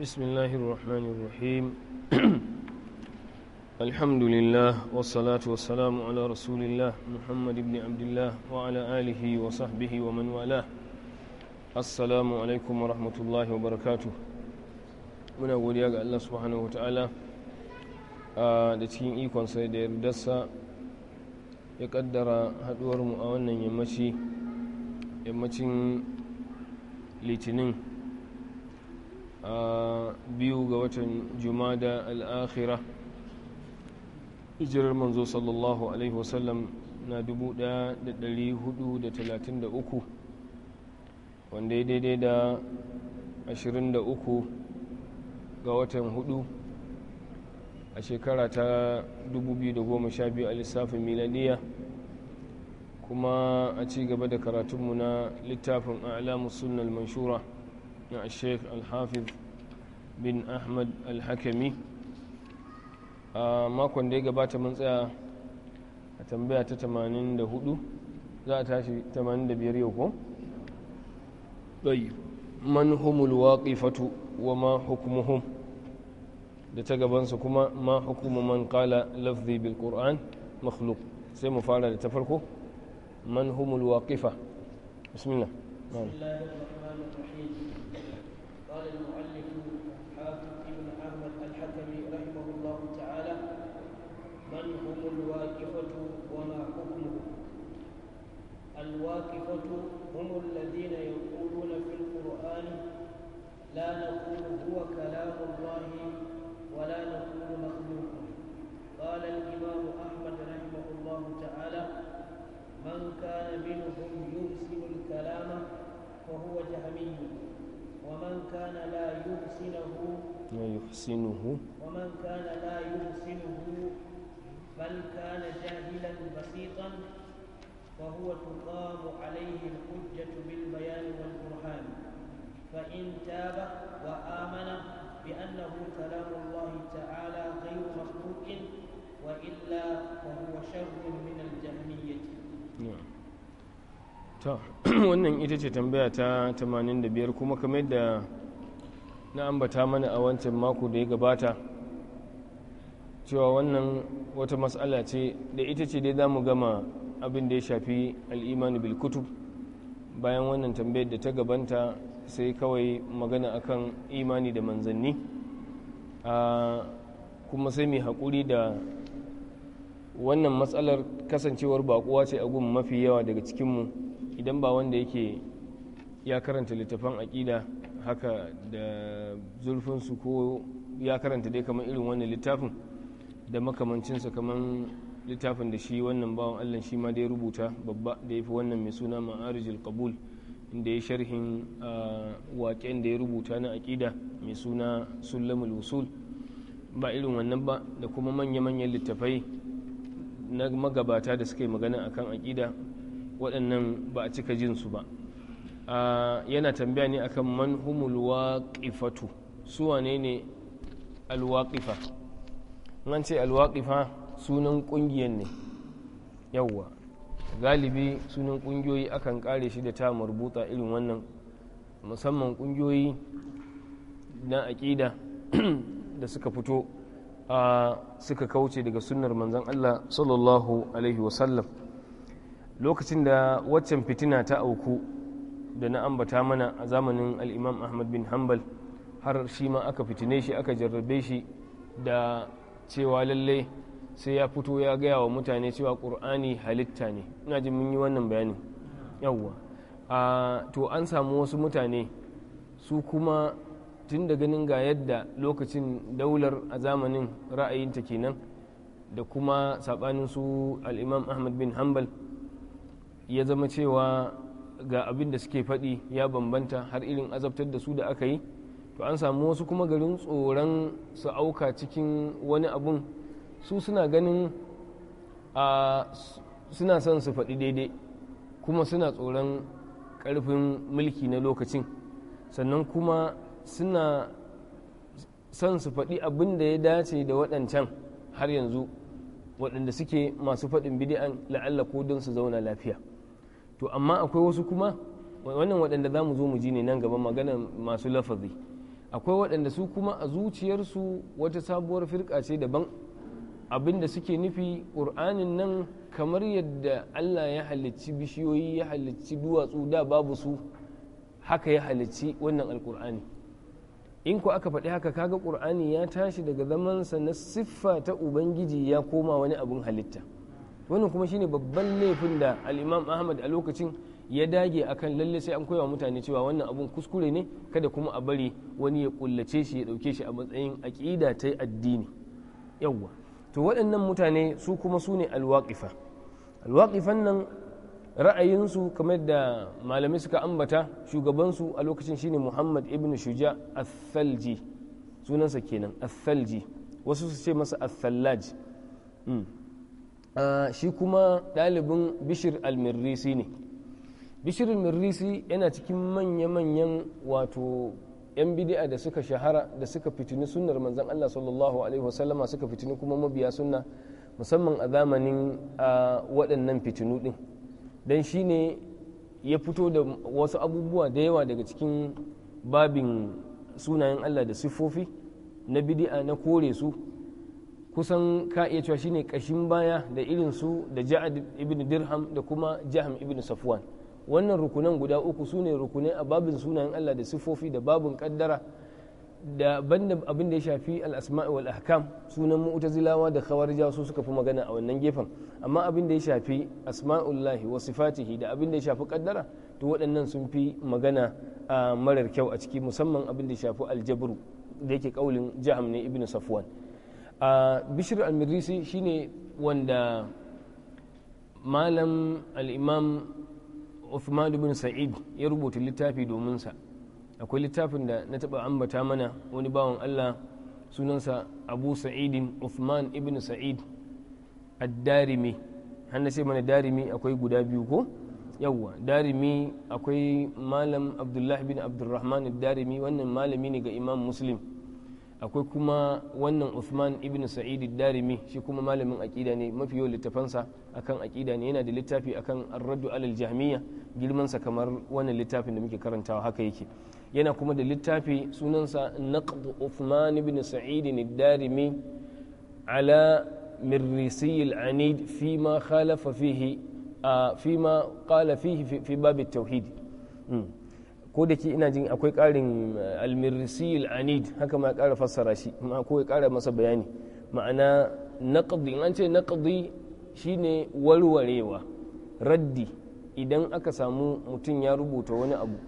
بسم الله الرحمن الرحيم الحمد لله والصلاة والسلام على رسول الله محمد بن عبد الله وعلى آله وصحبه ومن والاه السلام عليكم ورحمة الله وبركاته من أقول يا الله سبحانه وتعالى da cikin ikonsa da yardarsa ya kaddara haduwarmu a wannan yammaci yammacin litinin a biyu ga watan jumada al'akhira hijirar manzo sallallahu alaihi wasallam na 1433 wanda ya daidai da 23 ga watan hudu a shekara ta 2012 a lissafin miladiya kuma a ci gaba da karatunmu na littafin alamu sunnal manshura يا الشيخ الحافظ bin ahmad alhakami a makon da ya gabata mun tsaya a tambaya ta 84 za a tashi 85 yau ko? ɗai man humul waƙifatu wa ma hukumuhum da ta gabansa kuma ma hukumu man kala lafzi bil qur'an makhluk sai mu fara da ta farko man humul waƙifa bismillah منهم يحسن الكلام فهو جهمي ومن كان لا يحسنه لا يحسنه ومن كان لا يحسنه بل كان جاهلا بسيطا فهو تقام عليه الحجة بالبيان والبرهان فإن تاب وآمن بأنه كلام الله تعالى غير مخلوق وإلا فهو شر من الجهمية نعم ta wannan ita ce tambaya ta 85 kuma kamar da na ambata mana a wancan mako da ya gabata cewa wannan wata matsala ce da ita ce dai za mu gama abin da ya shafi al'imani bilkutu bayan wannan tambayar da ta gabanta sai kawai magana akan imani da manzanni kuma sai mai haƙuri da wannan matsalar kasancewar bakuwa ce a gun mafi yawa daga cikinmu idan ba wanda yake ya karanta littafan aƙida haka da zurfinsu ko ya karanta dai kamar irin wannan littafin da makamancinsa kamar littafin da shi wannan bawan allah shi ma dai rubuta babba da ya fi wannan mai suna ma'arijil kabul inda ya sharhin waƙen da ya rubuta na aƙida mai suna sullamul usul ba irin wannan ba da kuma manya-manyan littafai na magabata da suka yi magana akan aƙida waɗannan ba a cika jin su ba yana tambaya ne akan man humul waqifatu su wane ne alwaqifa an ce alwaqifa sunan ƙungiyar ne yawwa galibi sunan ƙungiyoyi akan kare shi da ta marbuta irin wannan musamman ƙungiyoyi na aƙida da suka fito suka kauce daga sunnar manzon Allah sallallahu alaihi wasallam lokacin da waccan fitina ta auku da na ambata mana a zamanin al'imam ahmad bin hanbal har shi ma aka fitine shi aka jarrabe shi da cewa lalle sai ya fito ya gaya wa mutane cewa ƙur'ani halitta ne ina jin mun yi wannan bayanin yawwa to an samu wasu mutane su kuma tun da ganin ga yadda lokacin daular a zamanin ra'ayinta kenan da kuma saɓanin su al'imam ahmad bin hanbal ya zama cewa ga abin da suke faɗi ya bambanta har irin azabtar da su da aka yi to an samu wasu kuma garin tsoron su auka cikin wani abun su suna ganin a suna son su faɗi daidai kuma suna tsoron ƙarfin mulki na lokacin sannan kuma suna son su faɗi abin da ya dace da waɗancan har yanzu waɗanda suke masu faɗin bidi'an la'alla ko don su zauna lafiya to amma akwai wasu kuma wannan waɗanda za mu zo mu ji ne nan gaban magana masu lafazi akwai waɗanda su kuma a zuciyarsu wata sabuwar firka ce daban abinda suke nufi ƙur'anin nan kamar yadda allah ya halicci bishiyoyi ya halicci duwatsu da babu su haka ya halicci wannan alƙur'ani in ku aka faɗi haka kaga ƙur'ani ya tashi daga zamansa na siffa ta ubangiji ya koma wani abin halitta wannan kuma shine babban laifin da alimam ahmad a lokacin ya dage akan lalle sai an koyawa mutane cewa wannan abun kuskure ne kada kuma a bari wani ya kullace shi ya dauke shi a matsayin aqida ta addini yawwa to waɗannan mutane su kuma su ne alwaqifa alwaqifan nan ra'ayinsu kamar da malamai suka ambata shugabansu a lokacin shine muhammad ibn shuja athalji sunansa kenan athalji wasu su ce masa athallaj hmm. Eh, shi kuma ɗalibin bishir almirrisi ne bishir mirrisi yana cikin manya-manyan wato 'yan bidi'a da suka shahara da suka fitini sunnar manzan allah sallallahu alaihi wasallama suka fitini kuma mabiya sunna musamman a zamanin waɗannan fitinu ɗin don shi ne ya fito da wasu abubuwa da yawa daga cikin babin sunayen allah da siffofi na bidi'a na kore su kusan ka iya cewa shine kashin baya da irin su da ja'ad ibn dirham da kuma jaham ibn safwan wannan rukunan guda uku su ne rukunai a babin sunayen Allah da sifofi da babin kaddara da banda abin da ya shafi al-asma' wal ahkam sunan mu'tazilawa da khawarija su suka fi magana a wannan gefen amma abin da ya shafi asma'ullahi wa sifatihi da abin da ya shafi kaddara to waɗannan sun fi magana a ah, marar kyau a ciki musamman abin da ya shafi aljabru da yake kaulin jaham ne ibn safwan a bishir al-mirisi shine wanda malam al-imam Uthman bin Sa'id ya rubuta littafi domin sa akwai littafin da na taba ambata mana wani bawan Allah sunansa Abu Sa'idin Uthman ibn Sa'id ad-Darimi hannu sai mana darimi akwai guda biyu ko yawwa darimi akwai malam Abdullahi bin Abdurrahman ad-Darimi wannan malami ne ga Imam Muslim akwai kuma wannan Uthman ibn Sa'id darimi shi kuma malamin aƙida ne mafi yawan littafansa akan aƙida ne yana da littafi akan Ar-Raddu alal Jahmiyya girman sa kamar wannan littafin da muke karantawa haka yake yana kuma da littafi sunansa Naqd Uthman ibn Sa'id darimi ala Mirrisi al-Anid fi ma khalafa fihi fi ma qala fihi fi bab at-tauhid hmm. ko da ke ina jin akwai ƙarin eh, almirisi al'anid haka ma ƙara fassara shi ma ko ya ƙara masa bayani ma'ana naqdi in an ce naqdi shine warwarewa raddi idan aka samu mutum ya rubuta wani abu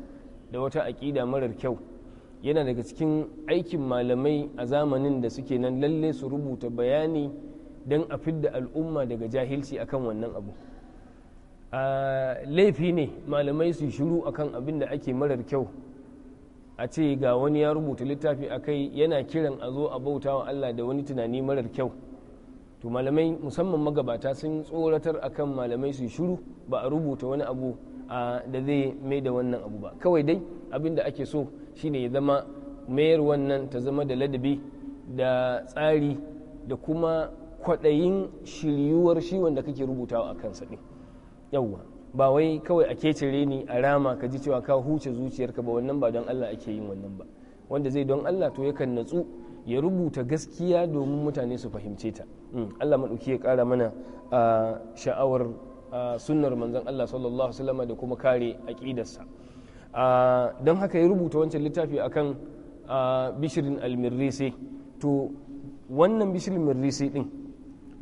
da wata aƙida marar kyau yana daga cikin aikin malamai a zamanin da suke nan lalle su rubuta bayani don a fidda al'umma daga jahilci akan wannan abu laifi ne malamai su shiru akan abin da ake marar kyau a ce ga wani ya rubuta littafi a kai yana kiran a zo a bauta wa Allah da wani tunani marar kyau to malamai musamman magabata sun tsoratar akan malamai su shiru ba a rubuta wani abu da zai mai da wannan abu ba kawai dai abin da ake so shine ya zama mayar wannan ta zama da ladabi da tsari da kuma kwaɗayin shiryuwar shi wanda kake rubutawa a kansa ɗin yawwa ba wai kawai a cire ni a rama ka ji cewa ka huce zuciyarka ba wannan ba don Allah ake yin wannan ba wanda zai don Allah to yakan natsu ya rubuta gaskiya domin mutane su fahimce ta mm. Allah maɗauki ya ƙara mana a sha'awar sunnar manzon Allah sallallahu alaihi da kuma kare aqidarsa don haka ya rubuta wancan littafi akan bishirin almirrisi to wannan bishirin mirrisi din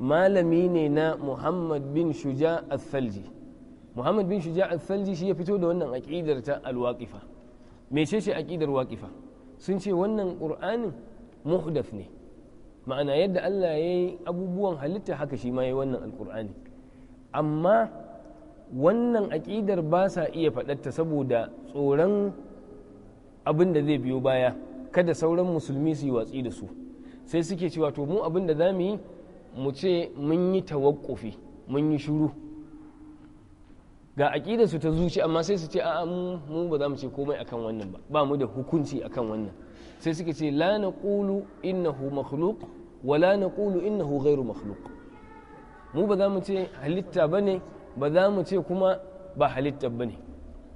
malami ne na muhammad bin shuja al muhammad bin shuja al shi ya fito da wannan aƙidar ta alwaƙifa waqifa mece ce aƙidar waƙifa sun ce wannan ƙur'anin muhdaf ne ma'ana yadda Allah ya yi abubuwan halitta haka shi ma ya yi wannan alkur'ani amma wannan aƙidar ba sa iya faɗarta saboda tsoron abin da zai biyo baya kada sauran musulmi su yi watsi da su sai suke cewa to mu abin da za mu yi mu ce mun yi tawakkufi mun yi shuru ga su ta zuci amma sai su ce a'a mu ba za mu ce komai akan wannan ba ba mu da hukunci akan wannan sai suka ce la naqulu innahu makhluq wa la naqulu innahu ghairu makhluq mu ba za mu ce halitta ne ba za mu ce kuma ba halitta ne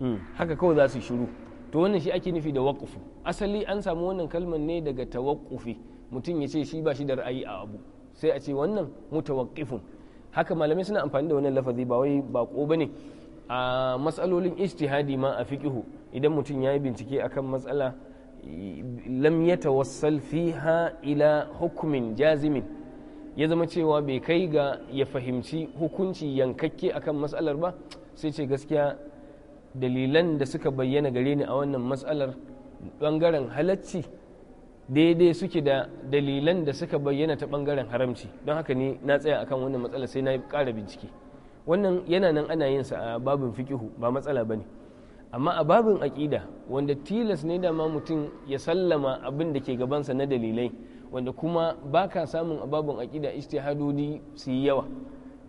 hmm. haka kawai za su shiru to wannan shi ake nufi da waqufu asali an samu wannan kalmar ne daga tawaqqufi mutum ya ce shi ba shi da ra'ayi a abu sai a ce wannan mutawakifun haka malamai suna amfani da wannan lafazi ba wai bako ne a matsalolin ijtihadi ma a fiqihu idan mutum ya yi bincike akan matsala lam yatawassal fiha ila hukumin jazimin ya zama cewa bai kai ga ya fahimci hukunci yankakke akan matsalar ba sai ce gaskiya dalilan da suka bayyana gare ni a wannan matsalar bangaren halacci daidai suke da dalilan da suka bayyana ta bangaren haramci don haka ni na tsaya akan wannan matsala sai na ƙara bincike wannan yana nan ana yin sa a babin fikihu ba matsala ba ne amma a babin aƙida wanda tilas ne dama mutum ya sallama abin da ke gabansa na dalilai wanda kuma ba ka samun a babin aƙida istihadodi su yi yawa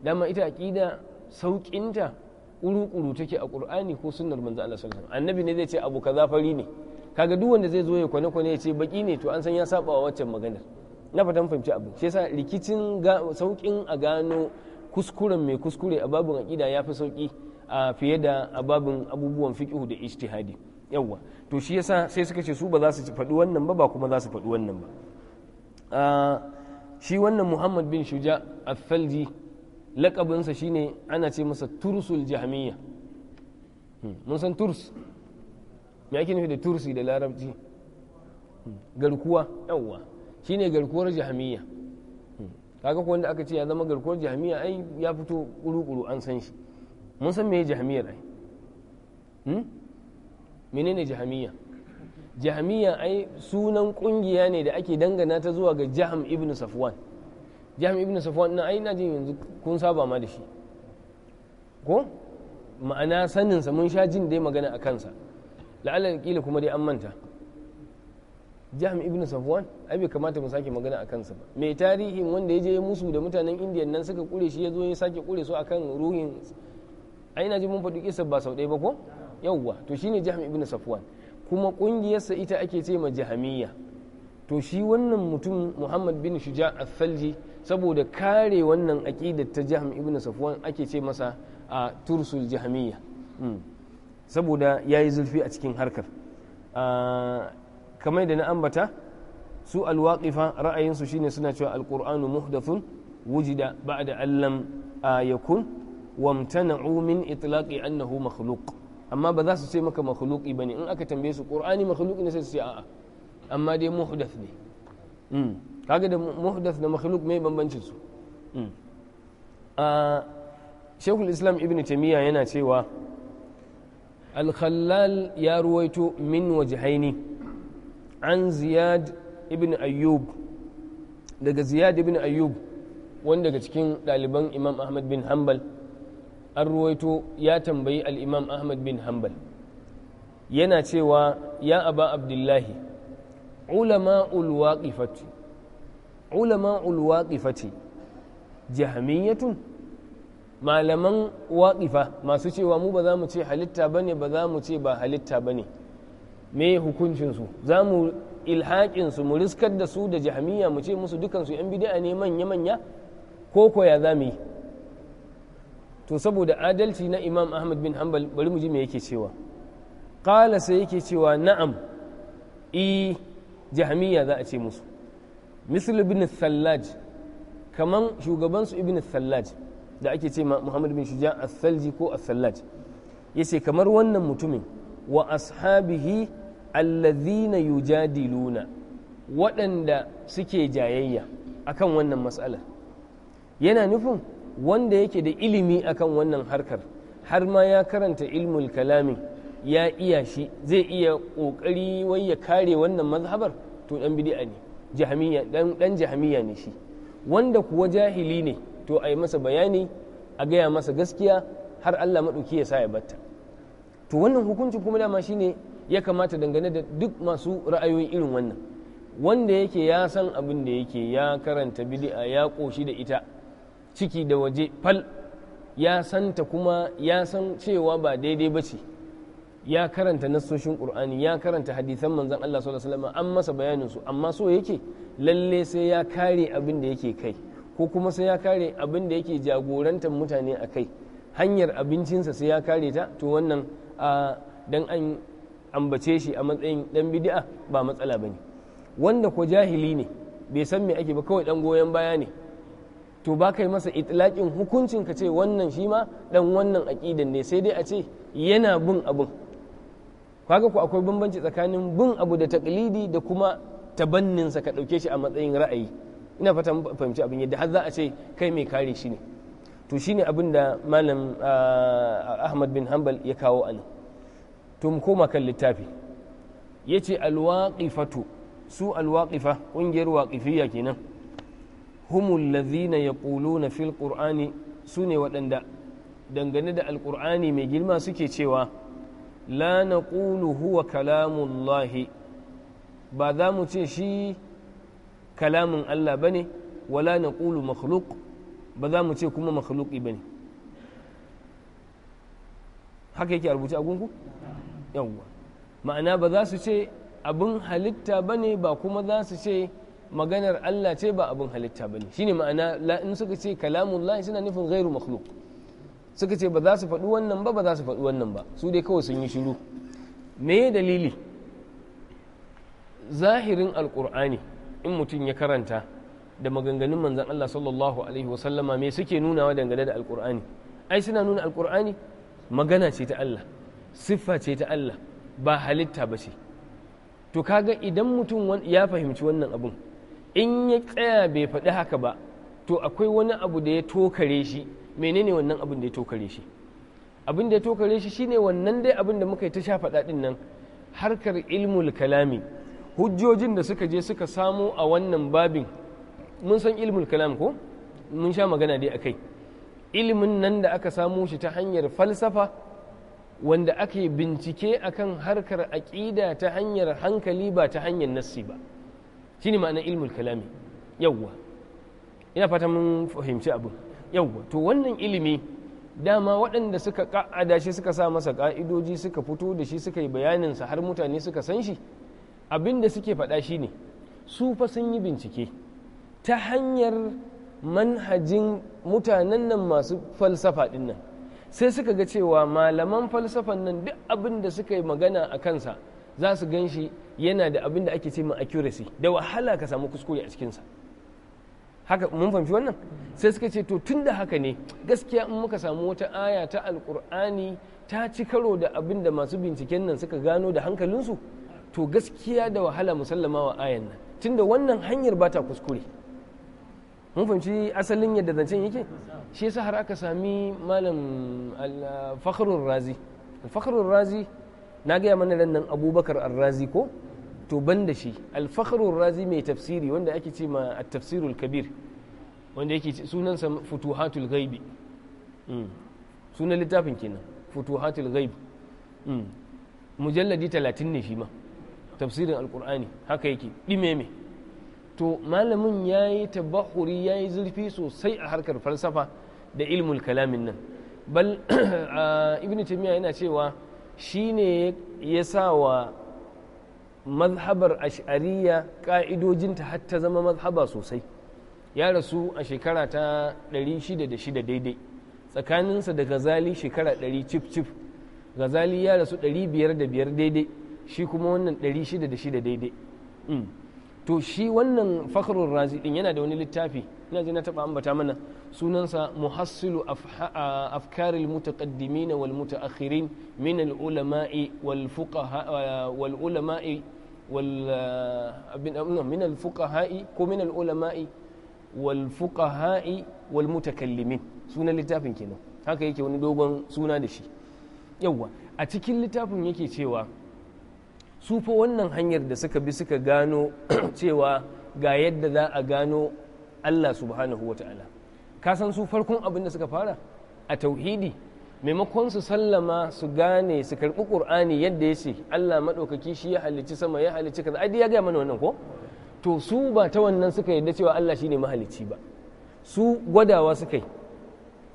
dama ita aƙida sauƙinta ƙuru-ƙuru take a ƙur'ani ko sunnar manzo Allah sallallahu alaihi annabi ne zai ce abu kaza fari ne kaga duk wanda zai zo ya kwane kwane ya ce baki ne to an san ya saba wa waccan maganar na fatan fahimci abin shi yasa rikicin saukin a gano kuskuren mai kuskure a babin aqida ya fi sauki a fiye da a babin abubuwan fiqhu da ijtihadi yawwa to shi yasa sai suka ce su ba za su faɗi wannan ba ba kuma za su faɗi wannan ba shi wannan muhammad bin shuja al-falji lakabinsa shine ana ce masa tursul jahmiya hmm. mun san turs me ake nufi da tursi da larabci garkuwa yawwa shine garkuwar jahamiya kaga ko wanda aka ce ya zama garkuwar jahamiya ai ya fito kuru-kuru an san shi mun san meye jahamiyar ai hmm? menene jahamiya jahamiya ai sunan kungiya ne da ake dangana ta zuwa ga jaham ibn safwan jaham ibn safwan na ai jin yanzu kun saba ma da shi ko ma'ana saninsa mun sha jin dai magana a kansa la'alla kila kuma dai an manta jami ibn safwan ai bai kamata mu sake magana akan sa ba mai tarihin wanda ya je musu da mutanen indiya nan suka kure shi ya zo ya sake kure su akan ruhin ai na ji mun faɗi kisa ba sau ɗaya ba ko yawwa to shine jami ibn safwan kuma ƙungiyarsa ita ake ce ma jahamiyya to shi wannan mutum muhammad bin shuja al-thalji saboda kare wannan aqidar ta jami ibn safwan ake ce masa a tursul jahamiyya hmm. saboda ya yi zulfi a cikin harkar ah, kamar da na ambata su alwaƙifa ra'ayinsu shine suna cewa alƙur'anu muhdathun wujida ba'da allam ah, yakun wamtana'u min itlaqi annahu makhluq amma ba za su ce maka makhluqi bane in aka tambaye su qur'ani makhluqi ne sai su ce a'a amma dai muhdath ne hmm. kaga da muhdath da makhluq mai bambancin su hmm. ah, shekul islam ibn tamiya yana cewa al ya ruwaito min wajhaini an ziyad ibn ayyub daga ziyad ibn ayyub wani cikin ɗaliban imam ahmad bin hanbal an ruwaito ya tambayi al-imam ahmad bin hambal. yana cewa ya aba abdullahi ulama ulwaƙifati ulama ulwaƙifati jahamiyatun malaman waƙifa masu cewa mu ba za mu ce halitta ba ne ba za mu ce ba halitta ba ne me hukuncinsu za mu ilhaƙinsu mu riskar da su da jahamiya mu ce musu dukansu yan a ne manya-manya ko koya za mu yi to saboda adalci na imam ahmad bin hanbal bari mu ji me yake cewa ƙala sai yake cewa na'am i jahamiya za a ce musu misal ibn thallaj kaman shugabansu ibn sallaj da ake ce muhammad bin shuja al-thalji ko al Ya ce kamar wannan mutumin wa ashabihi alladhina yujadiluna waɗanda suke jayayya akan wannan matsalar. yana nufin wanda yake da ilimi akan wannan harkar har ma ya karanta ilmul kalamin ya iya shi zai iya ƙoƙari wai ya kare wannan mazhabar to dan bidi'a ne dan jahamiya ne shi wanda kuwa jahili ne to a yi masa bayani a gaya masa gaskiya har Allah maɗauki ya sa ya bata to wannan hukunci kuma dama shine ya kamata dangane da duk masu ra'ayoyi irin wannan wanda yake ya san abin da yake ya karanta bidi'a ya ƙoshi da ita ciki da waje fal ya santa kuma ya san cewa ba daidai ba ce ya karanta nassoshin qur'ani ya karanta hadisan manzon Allah sallallahu alaihi wasallam an masa bayanin su amma so yake lalle sai ya kare abin da yake kai ko kuma sai ya kare abin da yake jagorantar mutane a kai hanyar abincinsa sai ya kare ta to wannan dan an ambace shi a matsayin dan bidi'a ba matsala ba ne wanda ko jahili ne bai san me ake ba kawai dan goyon baya ne to ba kai masa itilakin hukuncin ka ce wannan shi ma dan wannan aƙidan ne sai dai a ce yana bin abin kaga ku akwai bambanci tsakanin bin abu da taklidi da kuma tabanninsa ka ɗauke shi a matsayin ra'ayi ina fata fahimci abin yadda har za a ce kai mai kare shi ne to shine abin da malam ah, ahmad bin hanbal ya kawo a nan to mu koma kan littafi ya ce alwaƙifatu su alwaƙifa ƙungiyar waƙifiyya kenan humul ladhina na fil qur'ani su ne waɗanda dangane da alƙur'ani mai girma suke cewa la naqulu huwa kalamullahi ba za mu ce shi kalamin Allah ba ne wala na ƙulu makhluk ba za mu ce kuma makhluki ba ne haka yake a rubuce a gungu yawwa ma'ana ba za su ce abin halitta ba ne ba kuma za su ce maganar Allah ce ba abin halitta ba ne shine ma'ana in suka ce kalamun kalamullahi suna nufin gairu makhluk suka ce ba za su faɗi wannan ba ba za su faɗi wannan ba su dai kawai sun yi shiru me dalili zahirin alƙur'ani in mutum ya karanta da maganganun manzan Allah sallallahu alaihi wasallama me suke nunawa dangane da alkur'ani ai suna nuna alkur'ani magana ce ta Allah siffa ce ta Allah ba halitta ba ce to kaga idan mutum ya fahimci wannan abun in ya tsaya bai faɗi haka ba to akwai wani abu da ya tokare shi menene wannan abun da ya tokare shi abin da ya tokare shi shine wannan dai abin da muka yi ta sha faɗaɗin nan harkar ilmul kalami hujjojin da suka je suka samo a wannan babin mun san ilmul kalam ko mun sha magana dai akai ilimin nan da aka samo shi ta hanyar falsafa wanda ake bincike akan harkar aƙida ta hanyar hankali ba ta hanyar nassi ba shine ma'anar ilmul kalami yawwa ina fata mun fahimci abin yawwa to wannan ilimi dama waɗanda suka ka'ada shi suka sa masa ƙa'idoji suka fito da shi suka yi bayaninsa har mutane suka san shi abin da suke faɗa shine su fa sun yi bincike ta hanyar manhajin mutanen nan masu falsafa ɗin sai suka ga cewa malaman falsafan nan duk abin da suka yi magana a kansa za su gan shi yana da abin da ake ce ma accuracy da wahala ka samu kuskure a cikinsa haka mun fahimci wannan sai suka ce to tun da haka ne gaskiya in muka samu wata aya ta alkur'ani ta ci karo da abin da masu binciken nan suka gano da hankalinsu to gaskiya da wahala musallama wa ayan nan tunda wannan hanyar ba ta kuskure mun fahimci asalin yadda zancen yake shi yasa har aka sami malam uh, fakhrul razi fakhrul razi na gaya mana nan abubakar arrazi ko to ban da shi alfakhrul razi mai tafsiri wanda ake ce ma at-tafsirul kabir wanda yake sunansa futuhatul ghaibi hmm. sunan littafin kenan futuhatul ghaibi hmm. mujalladi 30 ne shi ma tafsirin alkur'ani haka yake me. to malamin ya yi tabahuri ya yi zurfi sosai a harkar falsafa da ilmul kalamin nan bal ah, ibn taymiya yana cewa shi ne ya sa wa mazhabar ash'ariya ka'idojinta har ta zama mazhaba sosai ya rasu a shekara ta 606 daidai tsakaninsa da gazali shekara 100 cif cif gazali ya rasu 505 daidai shi kuma wannan da 606 daidai mm. to shi wannan fakhrul razi din yana da wani littafi ina ji na taba ambata mana sunansa muhassilu afkaril mutaqaddimin wal mutaakhirin min al ulama'i wal fuqaha wal ulama'i wal min al fuqaha'i ko min al ulama'i wal fuqaha'i wal mutakallimin sunan littafin kenan haka yake wani dogon suna da shi yawa a cikin littafin yake cewa Sufa wannan hanyar da suka bi suka gano cewa ga yadda za a gano Allah subhanahu wa ta'ala ka san su farkon abin da suka fara a tauhidi maimakon su sallama su gane su karɓi ƙur'ani yadda ya ce Allah maɗaukaki shi ya halicci sama ya halicci kaza ai ya gaya mana wannan ko to su ba ta wannan suka yadda cewa Allah shine mahalicci ba su gwadawa suka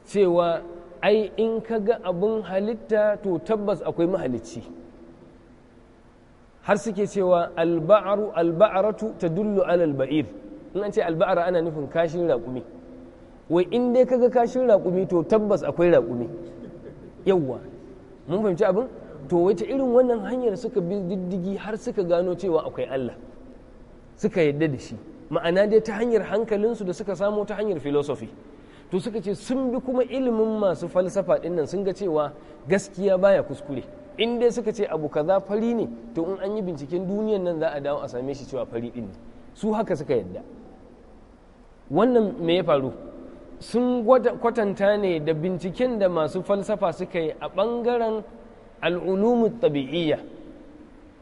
cewa ai in ka ga abin halitta to tabbas akwai mahalicci har suke cewa alba'aru alba'aratu dullu alal bair. in an ce alba'ara ana nufin kashin raƙumi wai in dai kaga kashin raƙumi to tabbas akwai raƙumi yawwa mun fahimci abin to ta irin wannan hanyar suka bi diddigi har suka gano cewa akwai Allah suka yadda da shi ma'ana dai ta hanyar hankalinsu da suka samo ta hanyar philosophy to suka ce sun bi kuma ilimin masu falsafa ɗinnan sun ga cewa gaskiya baya kuskure in dai suka ce abu kaza fari ne to in an yi binciken duniyan nan za a dawo a same shi cewa fari din ne su haka suka yadda wannan me ya faru sun kwatanta ne da binciken da masu falsafa suka yi a bangaren al'ulumu tabi'iyya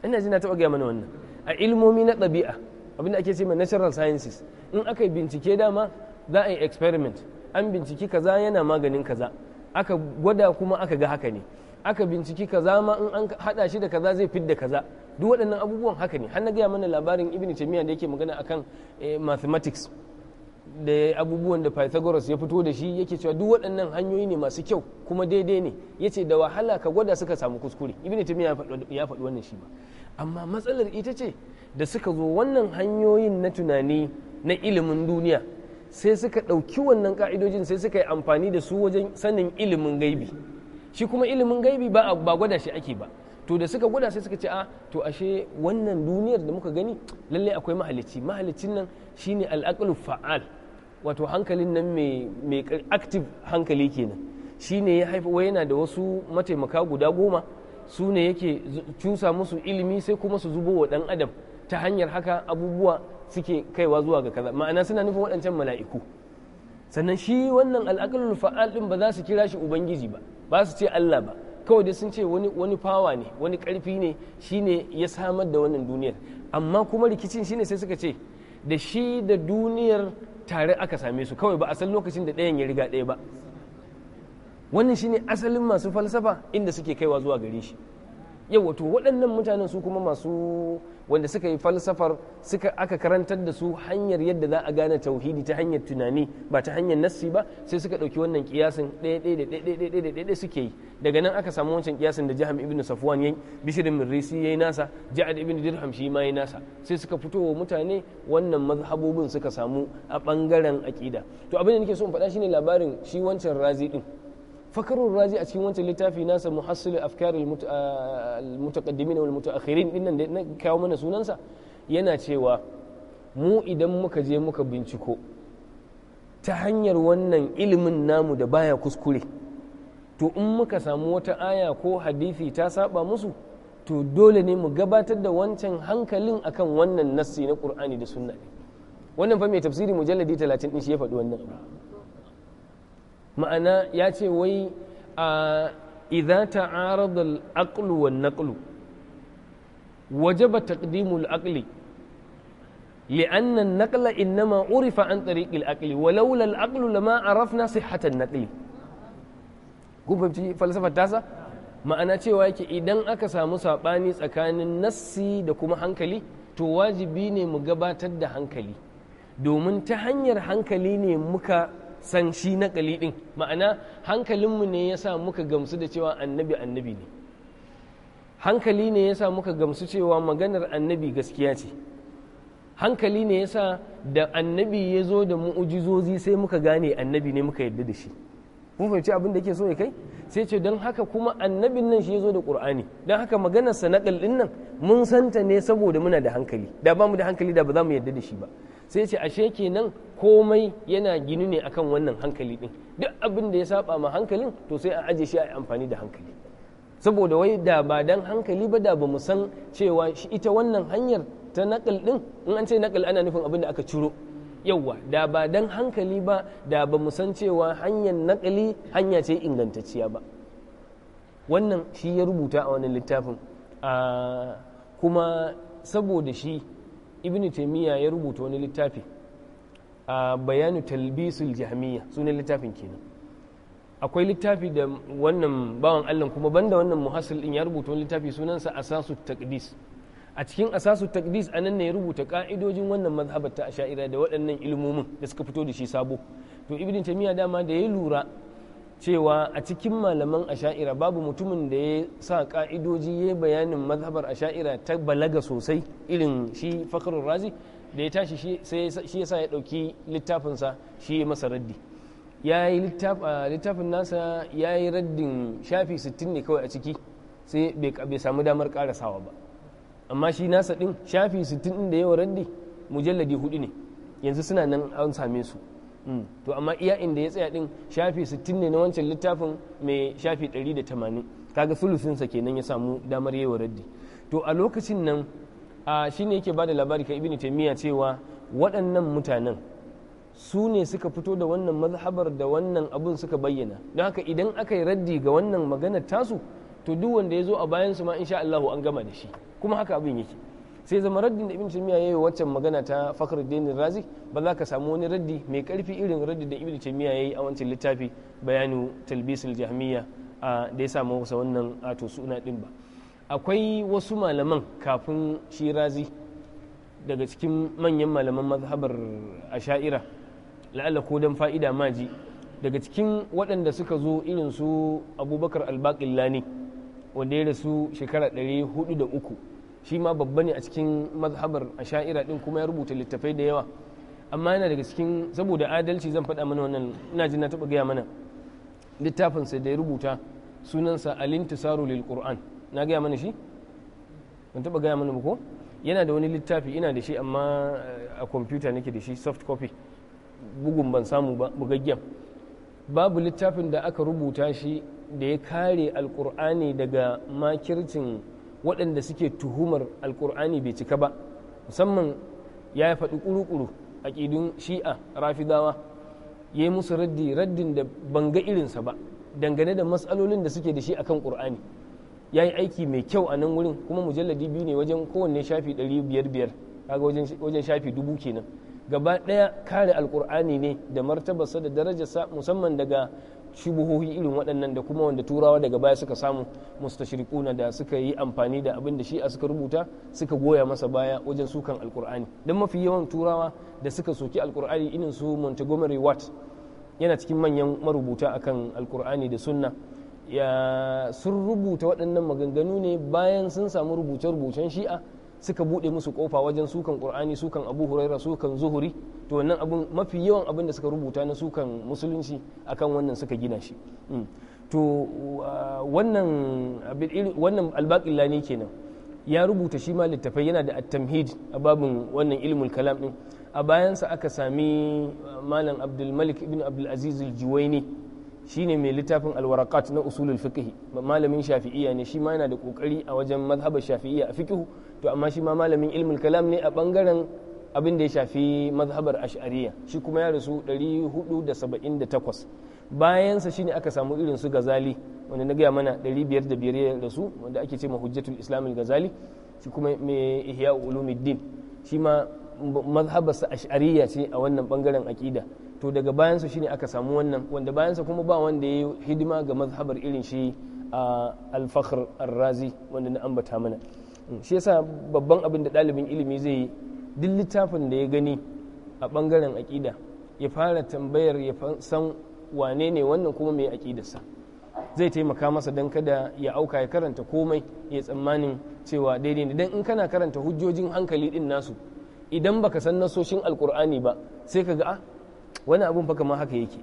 ina ji na taɓa gaya mana wannan a ilmomi na ɗabi'a abinda ake ce natural sciences in aka yi bincike dama za a yi experiment an binciki kaza yana maganin kaza aka gwada kuma aka ga haka ne aka binciki kaza ma in an hada shi da kaza zai da kaza duk waɗannan abubuwan haka ne har na gaya mana labarin ibn taymiya da yake magana akan eh, mathematics da abubuwan da pythagoras ya fito da shi yake cewa duk waɗannan hanyoyi ne masu kyau kuma daidai ne yace da wahala ka gwada suka samu kuskure ibn taymiya ya faɗi wannan shi ba amma matsalar ita ce da suka zo wannan hanyoyin na tunani na ilimin duniya sai suka ɗauki wannan ka'idojin sai suka yi amfani da su wajen sanin ilimin gaibi shi kuma ilimin gaibi ba ba gwada shi ake ba to da suka gwada sai suka ce a to ashe wannan duniyar da muka gani lallai akwai mahalicci mahalicin nan shine al'aqlu fa'al wato hankalin nan mai active hankali kenan shine ya haifa wai yana da wasu mataimaka guda goma su ne yake cusa musu ilimi sai kuma su zubo wa dan adam ta hanyar haka abubuwa suke kaiwa zuwa ga kaza ma'ana suna nufin waɗancan mala'iku sannan shi wannan al'aqlul fa'al din ba za su kira shi ubangiji ba ba su ce Allah ba kawai dai sun ce wani wani fawa ne wani karfi ne shine ya samar da wannan duniyar amma kuma rikicin shine sai suka ce da shi da duniyar tare aka same su kawai ba a san lokacin da ɗayan ya riga ɗaya ba wannan shine asalin masu falsafa inda suke kaiwa zuwa gare shi yawa to waɗannan mutanen su kuma masu wanda suka yi falsafar suka aka karantar da su hanyar yadda za a gane tauhidi ta hanyar tunani ba ta hanyar nassi ba sai suka ɗauki wannan kiyasin ɗaya da suke yi daga nan aka samu wancan kiyasin da jiham ibn safwan yayi bishirin mirrisi yayi nasa ja'ad ibn dirham shi ma yayi nasa sai suka fito wa mutane wannan mazhabobin suka samu a bangaren aƙida to abin da nake so in faɗa shine labarin shi wancan razi din fakarun razi a cikin wancan littafi nasa muhassil afkar al-mutaqaddimin ah, wal mutaakhirin din nan na kawo mana sunansa yana cewa mu idan muka je muka binciko ta hanyar wannan ilimin namu da baya kuskure to in muka samu wata aya ko hadisi ta saba musu to dole ne mu gabatar da wancan hankalin akan wannan nassi na qur'ani da sunna wannan fa mai tafsiri mujalladi 30 din shi ya faɗi wannan abu ma'ana ya ce wai a idza ta'arada al-aql naql wajaba taqdimu al-aql لأن النقل إنما عرف عن طريق الأقل ولولا الأقل لما عرفنا صحة النقل kun fahimci falsafar tasa ma'ana cewa yake idan aka samu saɓani tsakanin nassi da kuma hankali to wajibi ne mu gabatar da hankali domin ta hanyar hankali ne muka san shi naƙali ɗin ma'ana hankalinmu ne ya sa muka gamsu da cewa annabi annabi ne hankali ne ya sa muka gamsu cewa maganar annabi gaskiya ce hankali ne ya sa da annabi ya zo da mu'ujizozi sai muka gane annabi ne muka yarda da shi kun fahimci abin da ke so ya kai sai ce don haka kuma annabin nan shi ya zo da qur'ani don haka maganar sa na ɗin nan mun santa ne saboda muna da hankali da ba mu da hankali da ba za mu yarda da shi ba sai ce ashe kenan komai yana gini ne akan wannan hankali din duk abin da ya saba ma hankalin to sai a aje shi a amfani da hankali saboda wai da ba dan hankali ba da ba mu san cewa shi ita wannan hanyar ta nakal din in an ce nakal ana nufin abin da aka ciro yauwa da ba dan hankali ba da ba mu san cewa hanyar nakali hanya ce ingantacciya ba wannan shi ya rubuta a wannan littafin kuma saboda shi ibnu taimiyya ya rubuta wani littafi a bayanu talbisul jahmiya sunan littafin kenan akwai littafi da wannan bawan Allah kuma banda wannan muhassil din ya rubuta wani littafi sunansa asasu taqdis a cikin asasu taqdis anan ne ya rubuta ka'idojin wannan mazhabar ta asha'ira da waɗannan ilmomin da suka fito da shi sabo to ibn tamiya dama da ya lura cewa a cikin malaman asha'ira babu mutumin da ya sa ka'idoji ya bayanin mazhabar asha'ira ta balaga sosai irin shi fakarun razi da ya tashi shi yasa ya ɗauki littafinsa shi ya masa raddi ya yi littafin nasa ya yi raddin shafi 60 ne kawai a ciki sai bai samu damar karasawa ba amma shi nasa ɗin shafi 60 da yawa raddi mujalladi hudu ne yanzu suna nan an same su mm. to amma iya inda ya tsaya ɗin shafi 60 ne na wancan littafin mai shafi 180 kaga sulusinsa kenan ya samu damar yawa raddi to a lokacin nan shi ne yake ba da labari ka ibini taimiyya cewa waɗannan mutanen su ne suka fito da wannan mazhabar da wannan abun suka bayyana don haka idan aka yi raddi ga wannan maganar tasu to duk wanda ya zo a bayan su ma insha Allahu an gama da shi kuma haka abin yake sai zama raddin da taimiyya ya yi waccan magana ta fakhruddin Razik. ba za ka samu wani raddi mai karfi irin raddi da taimiyya ya yi a wancan littafi bayanu talbisul jahmiya da ya samu wasa wannan ato suna din ba akwai wasu malaman kafin shirazi daga cikin manyan malaman mazhabar sha'ira la'alla ko don fa'ida maji daga cikin waɗanda suka zo irin su abubakar albaƙillani wanda ya rasu shekara da uku shi ma babba ne a cikin mazhabar asha'ira ɗin kuma ya rubuta littafai da yawa amma yana daga cikin saboda adalci zan faɗa mana wannan ina ji na taɓa gaya mana littafinsa da ya rubuta sunansa alintisaru lil qur'an na gaya mana shi ban taba gaya mana ba ko yana da wani littafi ina da shi amma eh, a kwamfuta nake da shi soft copy bugun ban samu ba bugaggen babu littafin da aka rubuta shi da ya kare alkur'ani daga makircin waɗanda suke tuhumar alkur'ani bai cika ba musamman ya faɗi ƙuru-ƙuru a ƙidun shi'a rafidawa ya yi musu raddi raddin da ban ga irinsa ba dangane da matsalolin da suke da shi akan ƙur'ani ya yi aiki mai kyau a nan wurin kuma mujalladi biyu ne wajen kowanne shafi ɗari biyar biyar kaga wajen shafi dubu kenan gaba ɗaya kare alkur'ani ne da martabarsa da darajarsa musamman daga shubuhohi irin waɗannan da kuma wanda turawa daga baya suka samu mustashriquna da suka yi amfani da abin da shi a suka rubuta suka goya masa baya wajen sukan alkur'ani don mafi yawan turawa da suka soki alkur'ani irin su montgomery watt yana cikin manyan marubuta akan alkur'ani da sunna sun rubuta waɗannan maganganu ne bayan sun samu rubuce-rubucen shi'a suka buɗe musu kofa wajen sukan ƙur'ani sukan abu huraira sukan zuhuri to wannan abun mafi yawan abin da suka rubuta na sukan musulunci akan wannan suka gina shi mm. to wannan wannan albaƙillani kenan ya rubuta shi ma littafai yana da at-tamhid a babin wannan ilmul kalam din a bayansa aka sami uh, malam abdul malik ibn abdul aziz al-juwaini shine mai littafin alwarakat na usulul fiqh malamin shafi'iyya ne shi ma yana da kokari a wajen mazhabar shafi'iyya a fiqh to amma shi ma malamin ilmul kalam ne a bangaren abin da ya shafi mazhabar ash'ariyya shi kuma ya rasu 478 bayansa shine aka samu irin su gazali wanda na gaya mana 505 ya rasu wanda ake ce ma hujjatul gazali shi kuma mai ihya ulumuddin shi ma mazhabarsa ash'ariyya ce a wannan bangaren aqida to daga bayansa shine aka samu wannan wanda sa kuma ba wanda ya yi hidima ga mazhabar irin shi a alfakar arrazi wanda na ambata mana mm, shi yasa babban abin da ɗalibin ilimi zai yi duk littafin da ya gani a ɓangaren aƙida ya fara tambayar ya san wane ne wannan kuma mai aƙidarsa zai taimaka masa don kada ya auka ya karanta komai ya tsammanin cewa daidai ne don in kana karanta hujjojin hankali ɗin nasu idan baka san nasoshin alkur'ani ba sai ka ga ah, wani abun fa kamar haka yake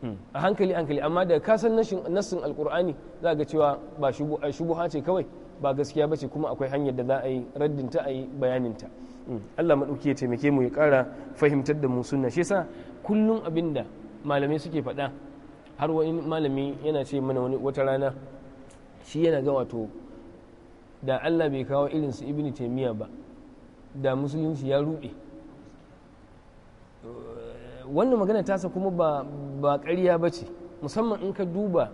hmm. a hankali hankali amma da kasan nashin nassin alkur'ani za ga cewa ba a shubuha ce kawai ba gaskiya ba ce kuma akwai hanyar da za a yi raddin ta a yi bayanin ta. Hmm. Allah madauki ya taimake mu ya kara fahimtar da mu sunna shi yasa kullum abinda malamai suke faɗa har wani malami yana ce mana wani wata rana shi yana ga wato da Allah bai kawo irin su ibnu taymiya ba da musulunci ya ruɓe. wannan magana tasa kuma ba ba ƙarya ba ce musamman in ka duba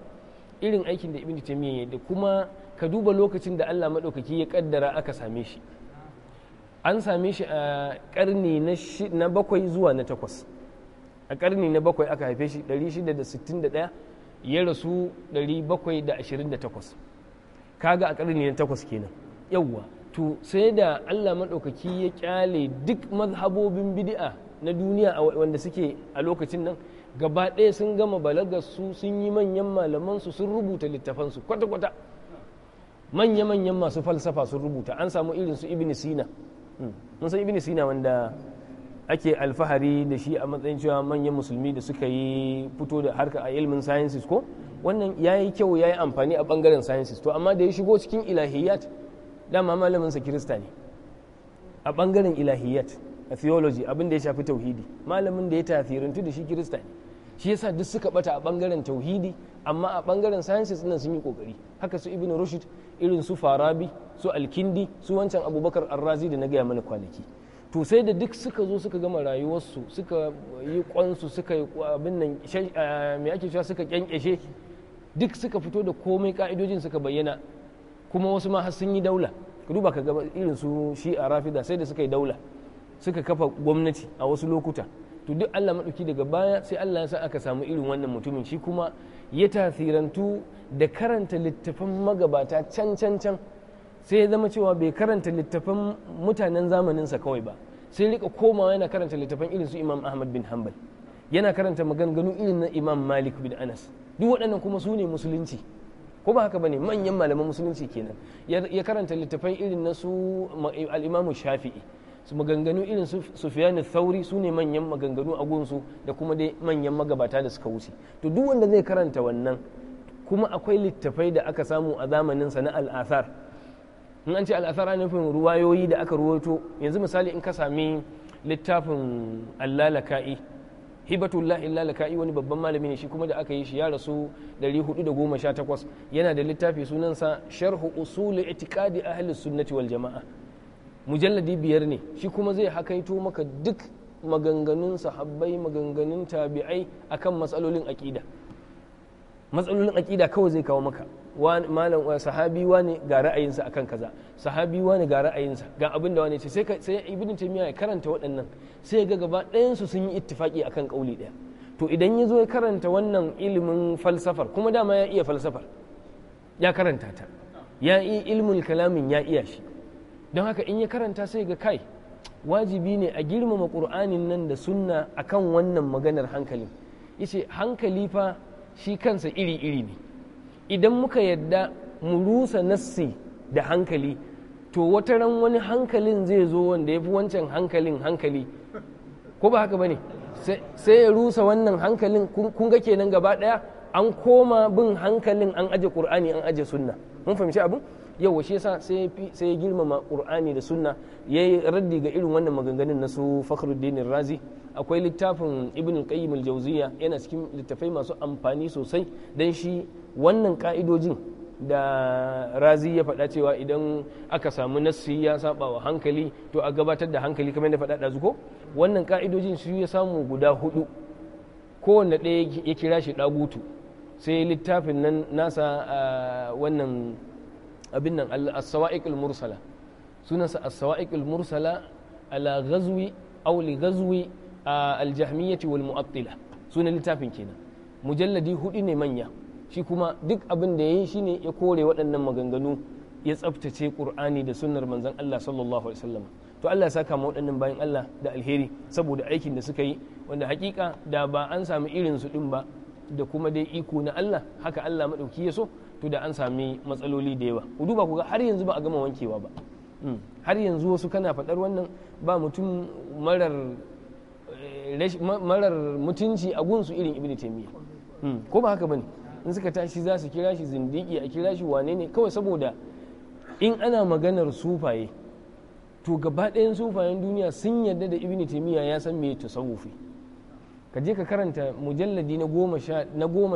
irin aikin da ibn taymiyyah da kuma ka duba lokacin da Allah maɗaukaki ya kaddara aka same shi an same shi a ƙarni na bakwai zuwa na takwas a ƙarni na bakwai aka haife shi 661 ya rasu 728 kaga a ƙarni na takwas kenan yawwa to sai da allah maɗaukaki ya ƙyale duk mazhabobin bid'a na duniya wanda suke a lokacin nan gaba ɗaya sun gama balagarsu sun yi manyan malamansu sun rubuta littafansu kwata-kwata manya-manyan masu falsafa sun rubuta an samu irin su ibn sina hmm. mun san ibn sina wanda ake alfahari da shi a matsayin cewa manyan musulmi da suka yi fito da harka a ilmin sciences ko wannan ya yi kyau ya yi amfani a bangaren sciences to amma da ya shigo cikin ilahiyat dama malaminsa kirista ne a bangaren ilahiyat a theology abin da ya shafi tauhidi malamin da ya tasirantu da shi kirista ne shi yasa duk suka bata a bangaren tauhidi amma a bangaren sciences nan sun yi kokari haka su ibn rushd irin su farabi su alkindi su wancan abubakar arrazi da na gaya mana kwanaki to sai da duk suka zo suka gama rayuwarsu suka yi kwansu suka yi abin nan eh, me ake cewa suka kyankyashe duk suka fito da komai ka'idojin suka bayyana kuma wasu ma har sun yi daula ka duba ka ga irin su a rafida sai da suka yi daula suka kafa gwamnati a wasu lokuta to duk Allah maɗauki daga baya sai Allah ya sa aka samu irin wannan mutumin shi kuma ya tasirantu da karanta littafan magabata can can can sai ya zama cewa bai karanta littafan mutanen zamaninsa kawai ba sai rika komawa yana karanta littafan irin su Imam Ahmad bin Hanbal yana karanta maganganu irin na Imam Malik bin Anas duk waɗannan kuma su ne musulunci ko ba haka bane manyan malaman musulunci kenan ya karanta littafan irin na su al Shafi'i su maganganu irin sufyan thauri su ne manyan maganganu a gunsu da kuma dai manyan magabata da suka wuce to duk wanda zai karanta wannan kuma akwai littafai da aka samu a zamanin sa na al'asar in an ce al'asar ana nufin ruwayoyi da aka ruwato yanzu misali in ka sami littafin allalaka'i hibatullahi allalaka'i wani babban malami ne shi kuma da aka yi shi ya rasu 418 yana da littafi sunansa sharhu usul itiqadi ahli sunnati wal jama'a mujalladi biyar ne shi kuma zai hakaito maka duk maganganun sahabbai maganganun tabi'ai akan matsalolin aƙida matsalolin aƙida kawai zai kawo maka malam eh, sahabi wani ga ra'ayinsa akan kaza sahabi wani ga ra'ayinsa ga abin wani ce sai sai ibn taymiya ya karanta waɗannan sai ga gaba ɗayan su sun yi ittifaki akan kauli ɗaya to idan ya zo ya karanta wannan ilimin falsafar kuma dama ya iya falsafar ya karanta ta ya yi ilmul kalamin ya iya shi don haka in ya karanta sai ga kai wajibi ne a girmama ƙur'anin nan da sunna a kan wannan maganar hankalin yace hankali fa shi kansa iri-iri ne idan muka yadda mu rusa nassi da hankali to wata ran wani hankalin zai zo wanda ya fi wancan hankalin hankali ko ba haka ba ne sai ya rusa wannan hankalin kun ga kenan gaba daya an koma bin hankalin an aje ƙur'ani an aje sunna mun fahimci abin yau washe sa sai sai ya girmama qur'ani da sunna ya yi raddi ga irin wannan maganganun na su fakhruddin razi akwai littafin ibn al-qayyim al-jawziya yana cikin littafai masu amfani sosai dan shi wannan ka'idojin da razi ya faɗa cewa idan aka samu nassi ya saba wa hankali to a gabatar da hankali kamar yadda faɗa ɗazu ko wannan ka'idojin su ya samu guda hudu kowanne ɗaya ya kira shi ɗagutu sai littafin nan nasa wannan abin nan as-sawa'iqul mursala sunansa as-sawa'iqul mursala ala ghazwi aw li ghazwi al-jahmiyyah wal mu'attila sunan littafin kenan mujalladi hudu ne manya shi kuma duk abin da yayi shine ya kore waɗannan maganganu ya tsaftace qur'ani da sunnar manzon Allah sallallahu alaihi wasallam to Allah ya saka ma waɗannan bayan Allah da alheri saboda aikin da suka yi wanda hakika da ba an samu irin su din ba da kuma dai iko na Allah haka Allah madauki ya so to da an sami matsaloli da yawa ku duba ku ga har yanzu ba a gama wankewa ba hmm. har yanzu wasu kana faɗar wannan ba mutum marar eh, mutunci a gunsu irin ibn taimiyya hmm. ko ba haka bane in suka tashi za su kira shi zindiki a kira shi wane ne kawai saboda in ana maganar sufaye to gaba ɗayan sufayen duniya sun yarda da ibn taimiyya ya san me tasawufi ka je ka karanta mujalladi na goma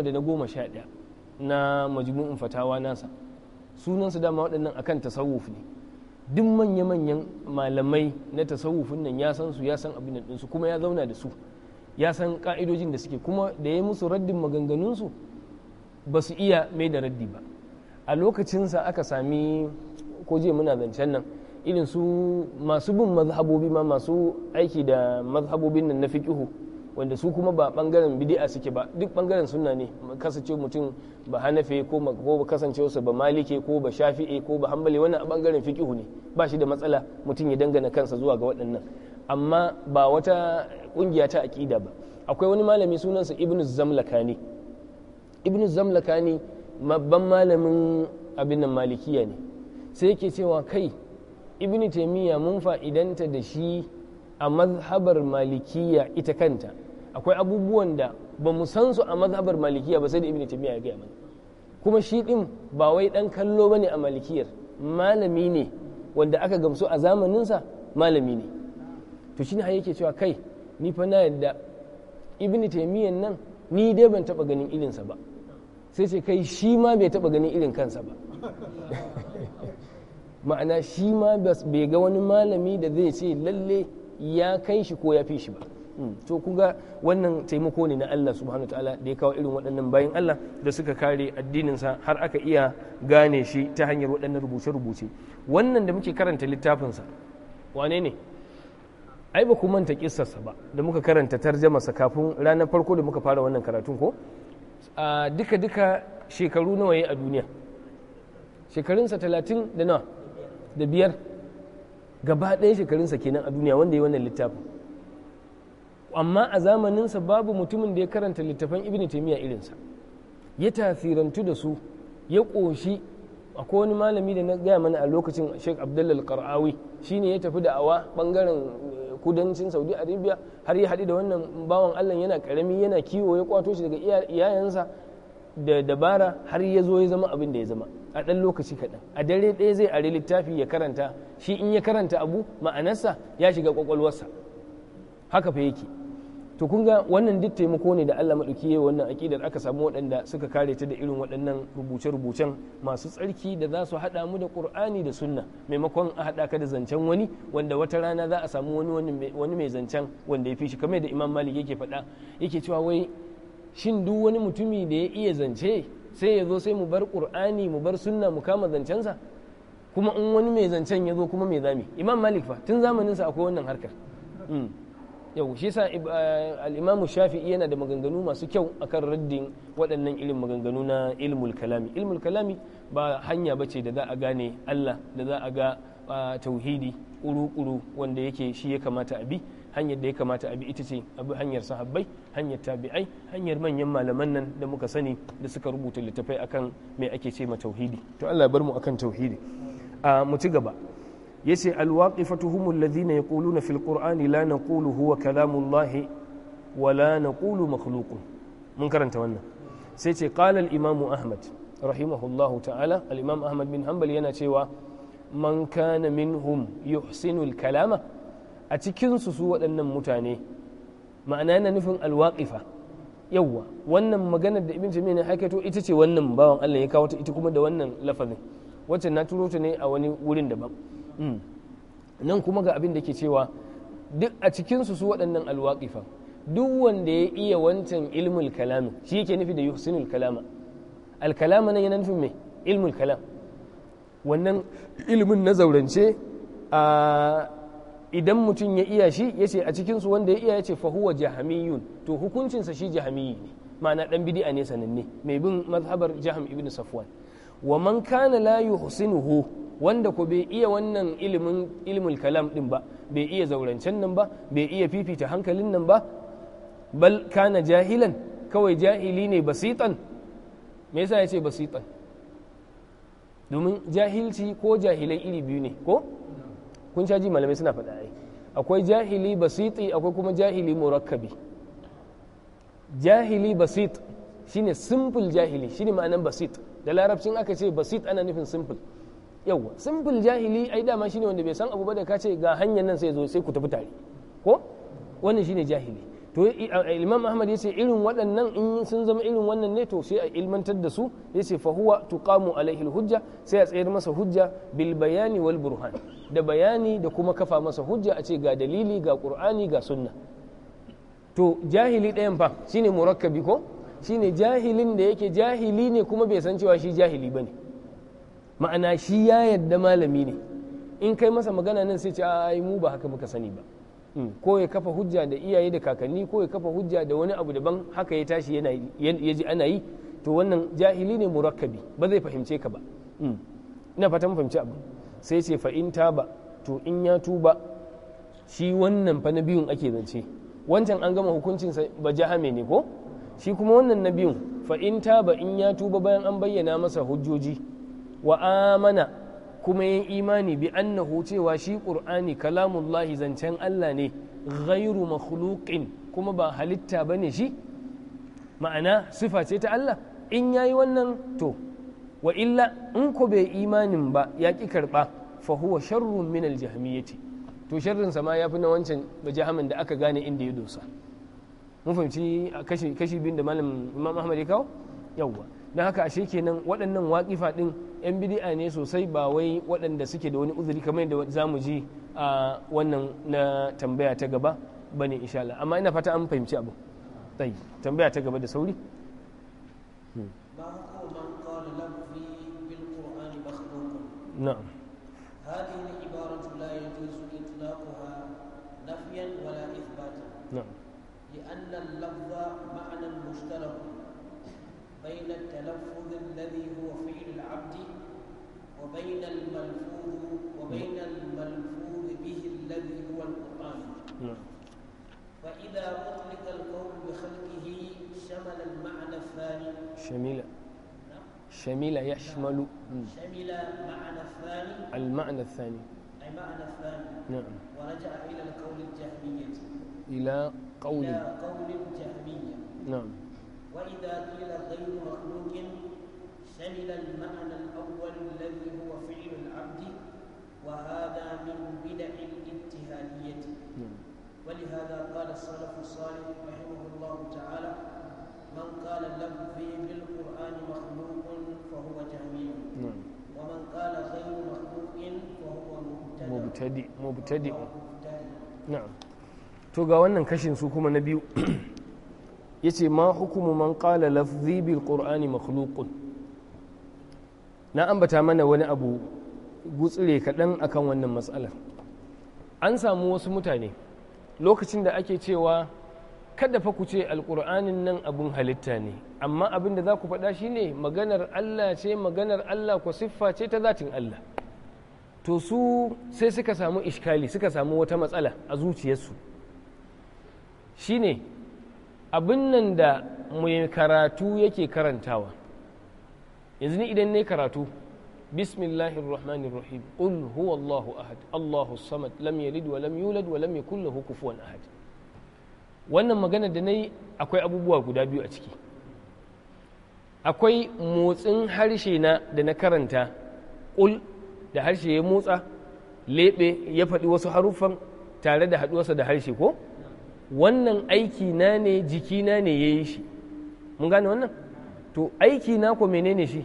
da na goma sha ɗaya na majmu'in fatawa nasa sunansu dama waɗannan akan tasawuf ne duk manya-manyan malamai na tasawufin nan ya san su ya san abin nan su kuma ya zauna da su ya san ka'idojin da suke kuma da ya musu raddin maganganunsu ba su iya mai da raddi ba a lokacinsa aka sami ko muna zancen nan irin su masu bin mazhabobi ma masu aiki da mazhabobin nan na fiƙihu wanda su kuma ba bangaren bidi'a suke ba duk bangaren sunna ne kasance mutum ba hanafe ko kasance wasu ba malike ko ba shafi'e ko ba hambali wannan a bangaren fiqihu ne ba shi da matsala mutum ya dangana kansa zuwa ga waɗannan amma ba wata ƙungiya ta aƙida ba akwai wani malami sunansa ibnu zamlakani ibnu zamlakani babban malamin abin nan malikiya ne sai yake cewa kai ibnu taimiyya mun fa'idanta da shi a mazhabar malikiya ita kanta akwai abubuwan da ba mu san su a mazhabar malikiya ba sai da ibnu taymiya ya gaya mana kuma shi din ba wai dan kallo bane a malikiyar malami ne wanda aka gamsu a zamanin sa malami ne to shine har yake cewa kai ni fa na yadda ibnu taymiyyah nan ni dai ban taba ganin sa ba sai ce kai shi ma bai taba ganin irin kansa ba ma'ana shi ma bai ga wani malami da zai ce lalle ya kai shi ko ya fi shi ba Mm. to kuga wannan taimako ne na Allah subhanahu ta'ala da ya kawo irin waɗannan bayan Allah da suka kare addininsa har aka iya gane shi ta hanyar waɗannan rubuce-rubuce wannan da muke karanta littafinsa wane ne ai ba ku manta kissarsa ba da muka karanta tarjamarsa kafin ranar farko da muka fara wannan karatun ko duka duka shekaru nawa ya a duniya shekarunsa talatin da nawa da biyar gaba ɗaya shekarunsa kenan a duniya wanda ya wannan littafin amma a zamaninsa babu mutumin da ya karanta littafan ibn taimiyya irinsa ya tasirantu da su ya ƙoshi akwai wani malami da na gaya mana a lokacin sheikh abdullal qar'awi shine ya tafi da awa bangaren eh, kudancin saudi arabia har ya haɗu da wannan bawan allah yana ƙarami yana kiwo ya kwato shi daga iyayensa da dabara har ya zo ya zama abin da ya zama a ɗan lokaci kaɗan a dare ɗaya zai are littafi ya karanta shi in ya karanta abu ma'anarsa ya shiga ƙwaƙwalwarsa haka fa yake to kun ga wannan duk taimako ne da Allah maɗauki yayi wannan aƙidar aka samu waɗanda suka kare ta da irin waɗannan rubuce-rubucen masu tsarki da za su haɗa mu da Qur'ani da Sunna maimakon a haɗa ka da zancen wani wanda wata rana za a samu wani wani mai zancen wanda ya fi shi kamar da Imam Malik yake faɗa yake cewa wai shin duk wani mutumi da ya iya zance sai ya zo sai mu bar Qur'ani mu bar Sunna mu kama zancensa kuma in wani mai zancen ya zo kuma mai zami Imam Malik fa tun zamaninsa akwai wannan harkar hmm. yau shi sa eh, al'imamu shafi'i yana da maganganu masu kyau akan raddin waɗannan irin maganganu na ilmul kalami ilmul kalami ba hanya ba ce da za a gane allah da za a ga ah, tauhidi kuru-kuru wanda yake shi ya kamata a bi hanyar da ya kamata a bi ita ce abu hanyar sahabbai hanyar tabi'ai hanyar manyan malaman nan da muka sani da suka rubuta littafai akan me ake ce ma tauhidi to allah bar mu akan tauhidi ah, mu ci gaba yace alwaqifatu humul ladhina yaquluna fil qur'ani la naqulu huwa kalamullahi wa la naqulu makhluqun mun karanta wannan sai ce qala al imamu ahmad rahimahullahu ta'ala al imam ahmad bin hanbal yana cewa man kana minhum yuhsinul kalama a cikinsu su waɗannan mutane ma'ana yana nufin alwaƙifa yawwa wannan maganar da ibn jami'a ne haikato ita ce wannan bawan Allah ya kawo ta ita kuma da wannan lafazin wacce na turo ta ne a wani wurin daban Mm. nan kuma ga abin da ke cewa duk a cikinsu su waɗannan alwaƙifa duk wanda ya iya wancan ilmul kalami shi yake nufi da yusinul kalama alkalama nan yana nufin mai ilmul kalam wannan ilmin na zaurance a idan mutum ya iya shi ya ce a cikinsu wanda ya iya ya ce fahuwa jahamiyun to hukuncinsa shi jahamiyi ne ma'ana dan bidi'a ne sananne mai bin mazhabar jaham ibn safwan wa man kana la yuhsinuhu wanda ko bai iya wannan ilimin ilmul kalam din ba bai iya zaurancen nan ba bai iya fifita hankalin nan ba bal kana jahilan kawai jahili ne basitan me yasa yace basitan domin jahilci ko jahilai iri biyu ne ko kun ji malamai suna faɗa ai akwai jahili basiti akwai kuma jahili murakkabi jahili basit shine simple jahili shine ma'anan basit da larabcin aka ce basit ana nufin simple Yau, simple jahili ai dama shine wanda bai san abu ba da ka ce ga hanyar nan sai zo sai ku tafi tare ko wannan shine jahili to imam ahmad yace irin waɗannan in sun zama irin wannan ne to sai a ilmantar da su yace fa huwa tuqamu alaihi hujja sai a tsayar masa hujja bil bayani wal burhan da bayani da kuma kafa masa hujja a ce ga dalili ga qur'ani ga sunna to jahili ɗayan fa shine murakkabi ko shine jahilin da yake jahili ne kuma bai san cewa shi jahili bane ma'ana shi ya yadda malami ne in kai masa magana nan sai ce ai mu ba haka muka sani ba hmm. ko ya kafa hujja da iyaye da kakanni ko ya kafa hujja da wani abu daban haka ya tashi ya ji ana yi to wannan jahili ne murakkabi ba zai fahimce ka ba hmm. ina fatan fahimci abu sai ce fa in taba to in ya tuba shi wannan fa na biyun ake zance wancan an gama hukuncinsa ba jahame ne ko shi kuma wannan na biyun fa in taba in ya tuba bayan an bayyana masa hujjoji wa amana kuma yin imani bi annahu cewa shi ƙur'ani kalamullahi zancen Allah ne ghairu makhluqin kuma ba halitta ba ne shi ma'ana sifa ce ta Allah in yayi wannan to wa illa in ku bai imanin ba ya ki karba fa huwa sharrun min aljahmiyati to sharrin sa ma yafi na wancan bajahamin da aka gane inda ya dosa mun fahimci kashi kashi bin da malam Imam Ahmad ya kawo yawwa don haka ashe kenan waɗannan waƙifa ɗin 'yan bidi'a ne sosai ba wai waɗanda suke da wani uzuri kamar yadda za mu ji a wannan na tambaya ta gaba ba ne Allah amma ina fata an fahimci abu tai tambaya ta gaba da sauri نفيا ولا إثباتا نعم لأن اللفظ معنى مشترك بين التلفظ الذي هو فعل العبد وبين الملفوظ وبين الملفوظ به الذي هو القرآن نعم. فإذا أطلق القول بخلقه شمل المعنى الثاني شمل نعم. شمل يشمل شمل معنى الثاني المعنى الثاني المعنى الثاني نعم ورجع إلى القول الجهمية إلى قول إلى قول الجهمية نعم وإذا قيل غير مخلوق شمل المعنى الأول الذي هو فعل العبد وهذا من بدع الابتهالية ولهذا قال السلف الصالح رحمه الله تعالى من قال لفظي بالقرآن مخلوق فهو جهمي ومن قال غير مخلوق فهو مبتدئ مبتدئ مبتدئ نعم to ga wannan kashin su kuma na biyu ya ce ma hukumu man kala lafzi bil qur'ani makhluqun na ambata mana wani abu gutsire kaɗan akan wannan matsalar an samu wasu mutane lokacin da ake cewa kada fa ku ce alƙur'anin nan abun halitta ne amma abin da za ku faɗa shine maganar allah ce maganar allah ku siffa ce ta zatin allah to su sai suka samu ishkali suka samu wata matsala a zuciyarsu shine abin nan da mai karatu yake karantawa yanzu ni idan ne karatu bismillahir rahmanir rahim qul huwallahu ahad allahu samad lam yalid wa lam yulad wa lam yakul lahu kufuwan ahad wannan magana da nayi akwai abubuwa guda biyu a ciki akwai motsin harshe na da na karanta qul da harshe ya motsa lebe ya faɗi wasu haruffan tare da haɗuwarsa da harshe ko wannan aiki na ne jikina ne ya yi shi mun gane wannan to aiki na ko menene shi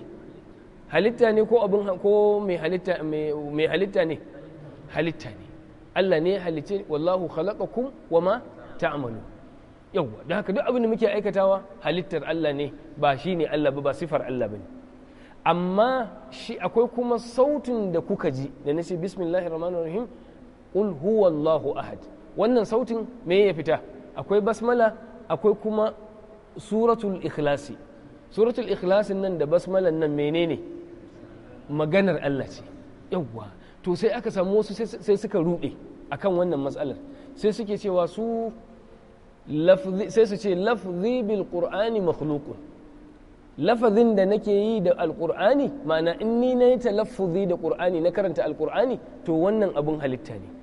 halitta ne ko abin ko mai halitta mai halitta ne halitta ne Allah ne halitta wallahu khalaqakum wama ta'malu yawa da haka duk abin da muke aikatawa halittar Allah ne ba shi ne Allah ba ba sifar Allah bane amma shi akwai kuma sautin da kuka ji da nace bismillahir rahmanir rahim qul huwallahu ahad wannan sautin me ya fita akwai basmala akwai kuma suratul ikhlasi suratul ikhlasin nan da basmalan nan menene maganar Allah ce yawwa to sai aka samu wasu sai suka ruɗe akan wannan matsalar sai suke cewa su sai su ce lafzi bil qur'ani makhluqun lafazin da nake yi da alƙur'ani ma'ana in ni na yi talaffuzi da ƙur'ani na karanta alƙur'ani to wannan abun halitta ne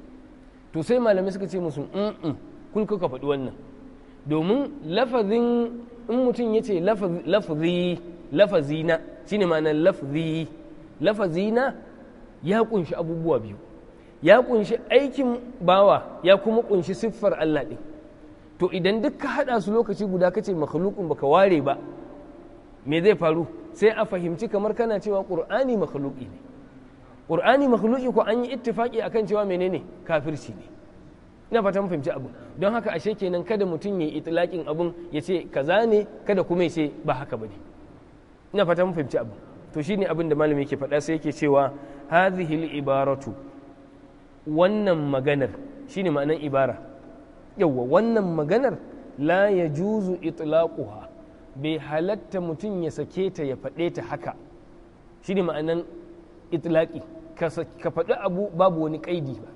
to sai malamai suka ce musu in mm, mm, kun kuka faɗi wannan domin lafazin in mutum ya ce lafazi lafazina shine ma'anar lafazi lafazina ya kunshi abubuwa biyu ya kunshi aikin bawa ya kuma kunshi siffar Allah ɗin to idan duk ka haɗa su lokaci guda kace makhlukun baka ware ba me zai faru sai a fahimci kamar kana cewa ƙur'ani makhluki ne ƙur'ani makhluki ko an yi ittifaki akan cewa menene kafirci ne ina fatan fahimci abu don haka ashe kenan kada mutum ya yi itilakin abun ya ce kaza ne kada kuma ya ce ba haka bane ina fatan fahimci abu to shine abin da malami yake faɗa sai yake cewa hadhihi ibaratu wannan maganar shine ma'anan ibara yawwa wannan maganar la yajuzu itlaquha bai halatta mutum ya sake ta ya faɗe ta haka shine ma'anan itlaqi ka faɗi abu babu wani ƙaidi ba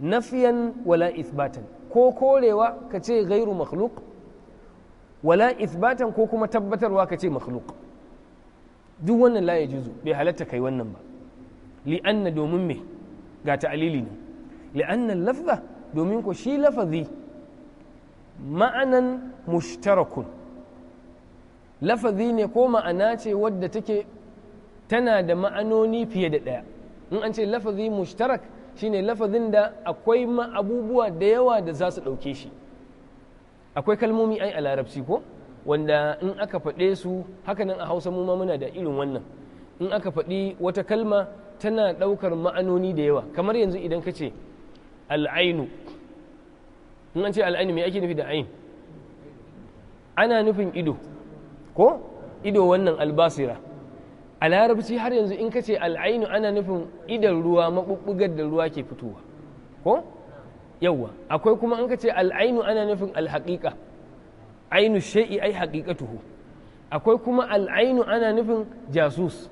nafiyan wala isbatan ko korewa ka ce gairu makhluk wala isbatan ko kuma tabbatarwa ka ce makhluk duk wannan la ya juzu bai halatta kai wannan ba li'anna domin me ga ta'alili ne li'anna lafza domin ko shi lafazi ma'anan mushtarakun lafazi ne ko ma'ana ce wadda take tana da ma'anoni fiye da ɗaya in an ce lafazi mushtarak shine lafazin da akwai ma abubuwa da yawa da za su ɗauke shi akwai kalmomi ai a larabci ko wanda in aka faɗe su hakanan a hausa mu ma muna da irin wannan in aka faɗi wata kalma tana ɗaukar ma'anoni da yawa kamar yanzu idan ka ce al'ainu in an ce al'ainu me ake nufi da ain ana nufin ido ko ido wannan albasira a larabci har yanzu in ka ce al'ainu ana nufin idan ruwa maɓuɓɓugar da ruwa ke fitowa ko yawwa akwai kuma in ka ce al'ainu ana nufin alhaƙiƙa ainu shai'i ai haƙiƙatuhu akwai kuma al'ainu ana nufin jasus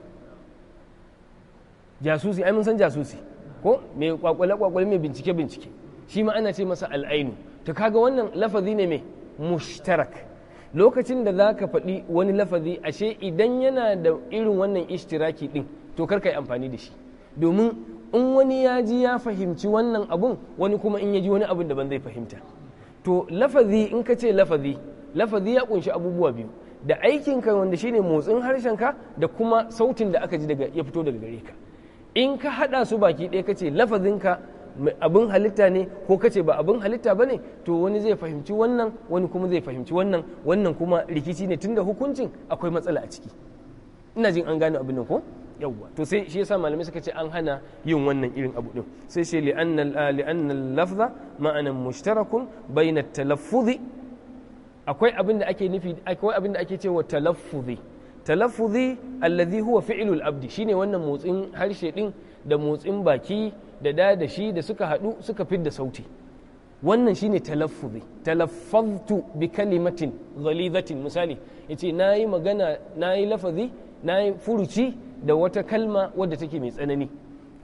jasusi ai mun san jasusi ko mai kwakwale kwakwale mai bincike bincike shi ma ana ce masa al'ainu to kaga wannan lafazi ne mai mushtarak lokacin da za ka faɗi wani lafazi ashe idan yana da irin wannan ishtiraki ɗin to kar yi amfani da shi domin in wani ya ji ya fahimci wannan abun wani kuma in ya ji wani abun daban zai fahimta to lafazi in ka ce lafazi lafazi ya ƙunshi abubuwa biyu da aikin aikinka wanda shine motsin harshen ka da kuma sautin da aka ji daga ya fito daga gare ka in ka haɗa su baki ɗaya ka ce ka abin halitta ne ko kace ba abin halitta ba ne to wani zai fahimci wannan wani kuma zai fahimci wannan wannan kuma rikici ne tunda hukuncin akwai matsala a ciki ina jin an gane abin nan ko yawwa to sai shi yasa malamai suka ce an hana yin wannan irin abu din sai shi li'anna li'anna lafza ma'anan mushtarakun bayna talaffuzi akwai abin da ake nufi akwai abin da ake cewa talaffuzi talaffuzi allazi huwa fi'lul abdi shine wannan motsin harshe din da motsin baki da da da shi da suka haɗu suka fidda sauti wannan shine talaffuzi talaffaztu bi kalimatin ghalizatin misali yace nayi magana nayi lafazi nayi furuci da wata kalma wadda take mai tsanani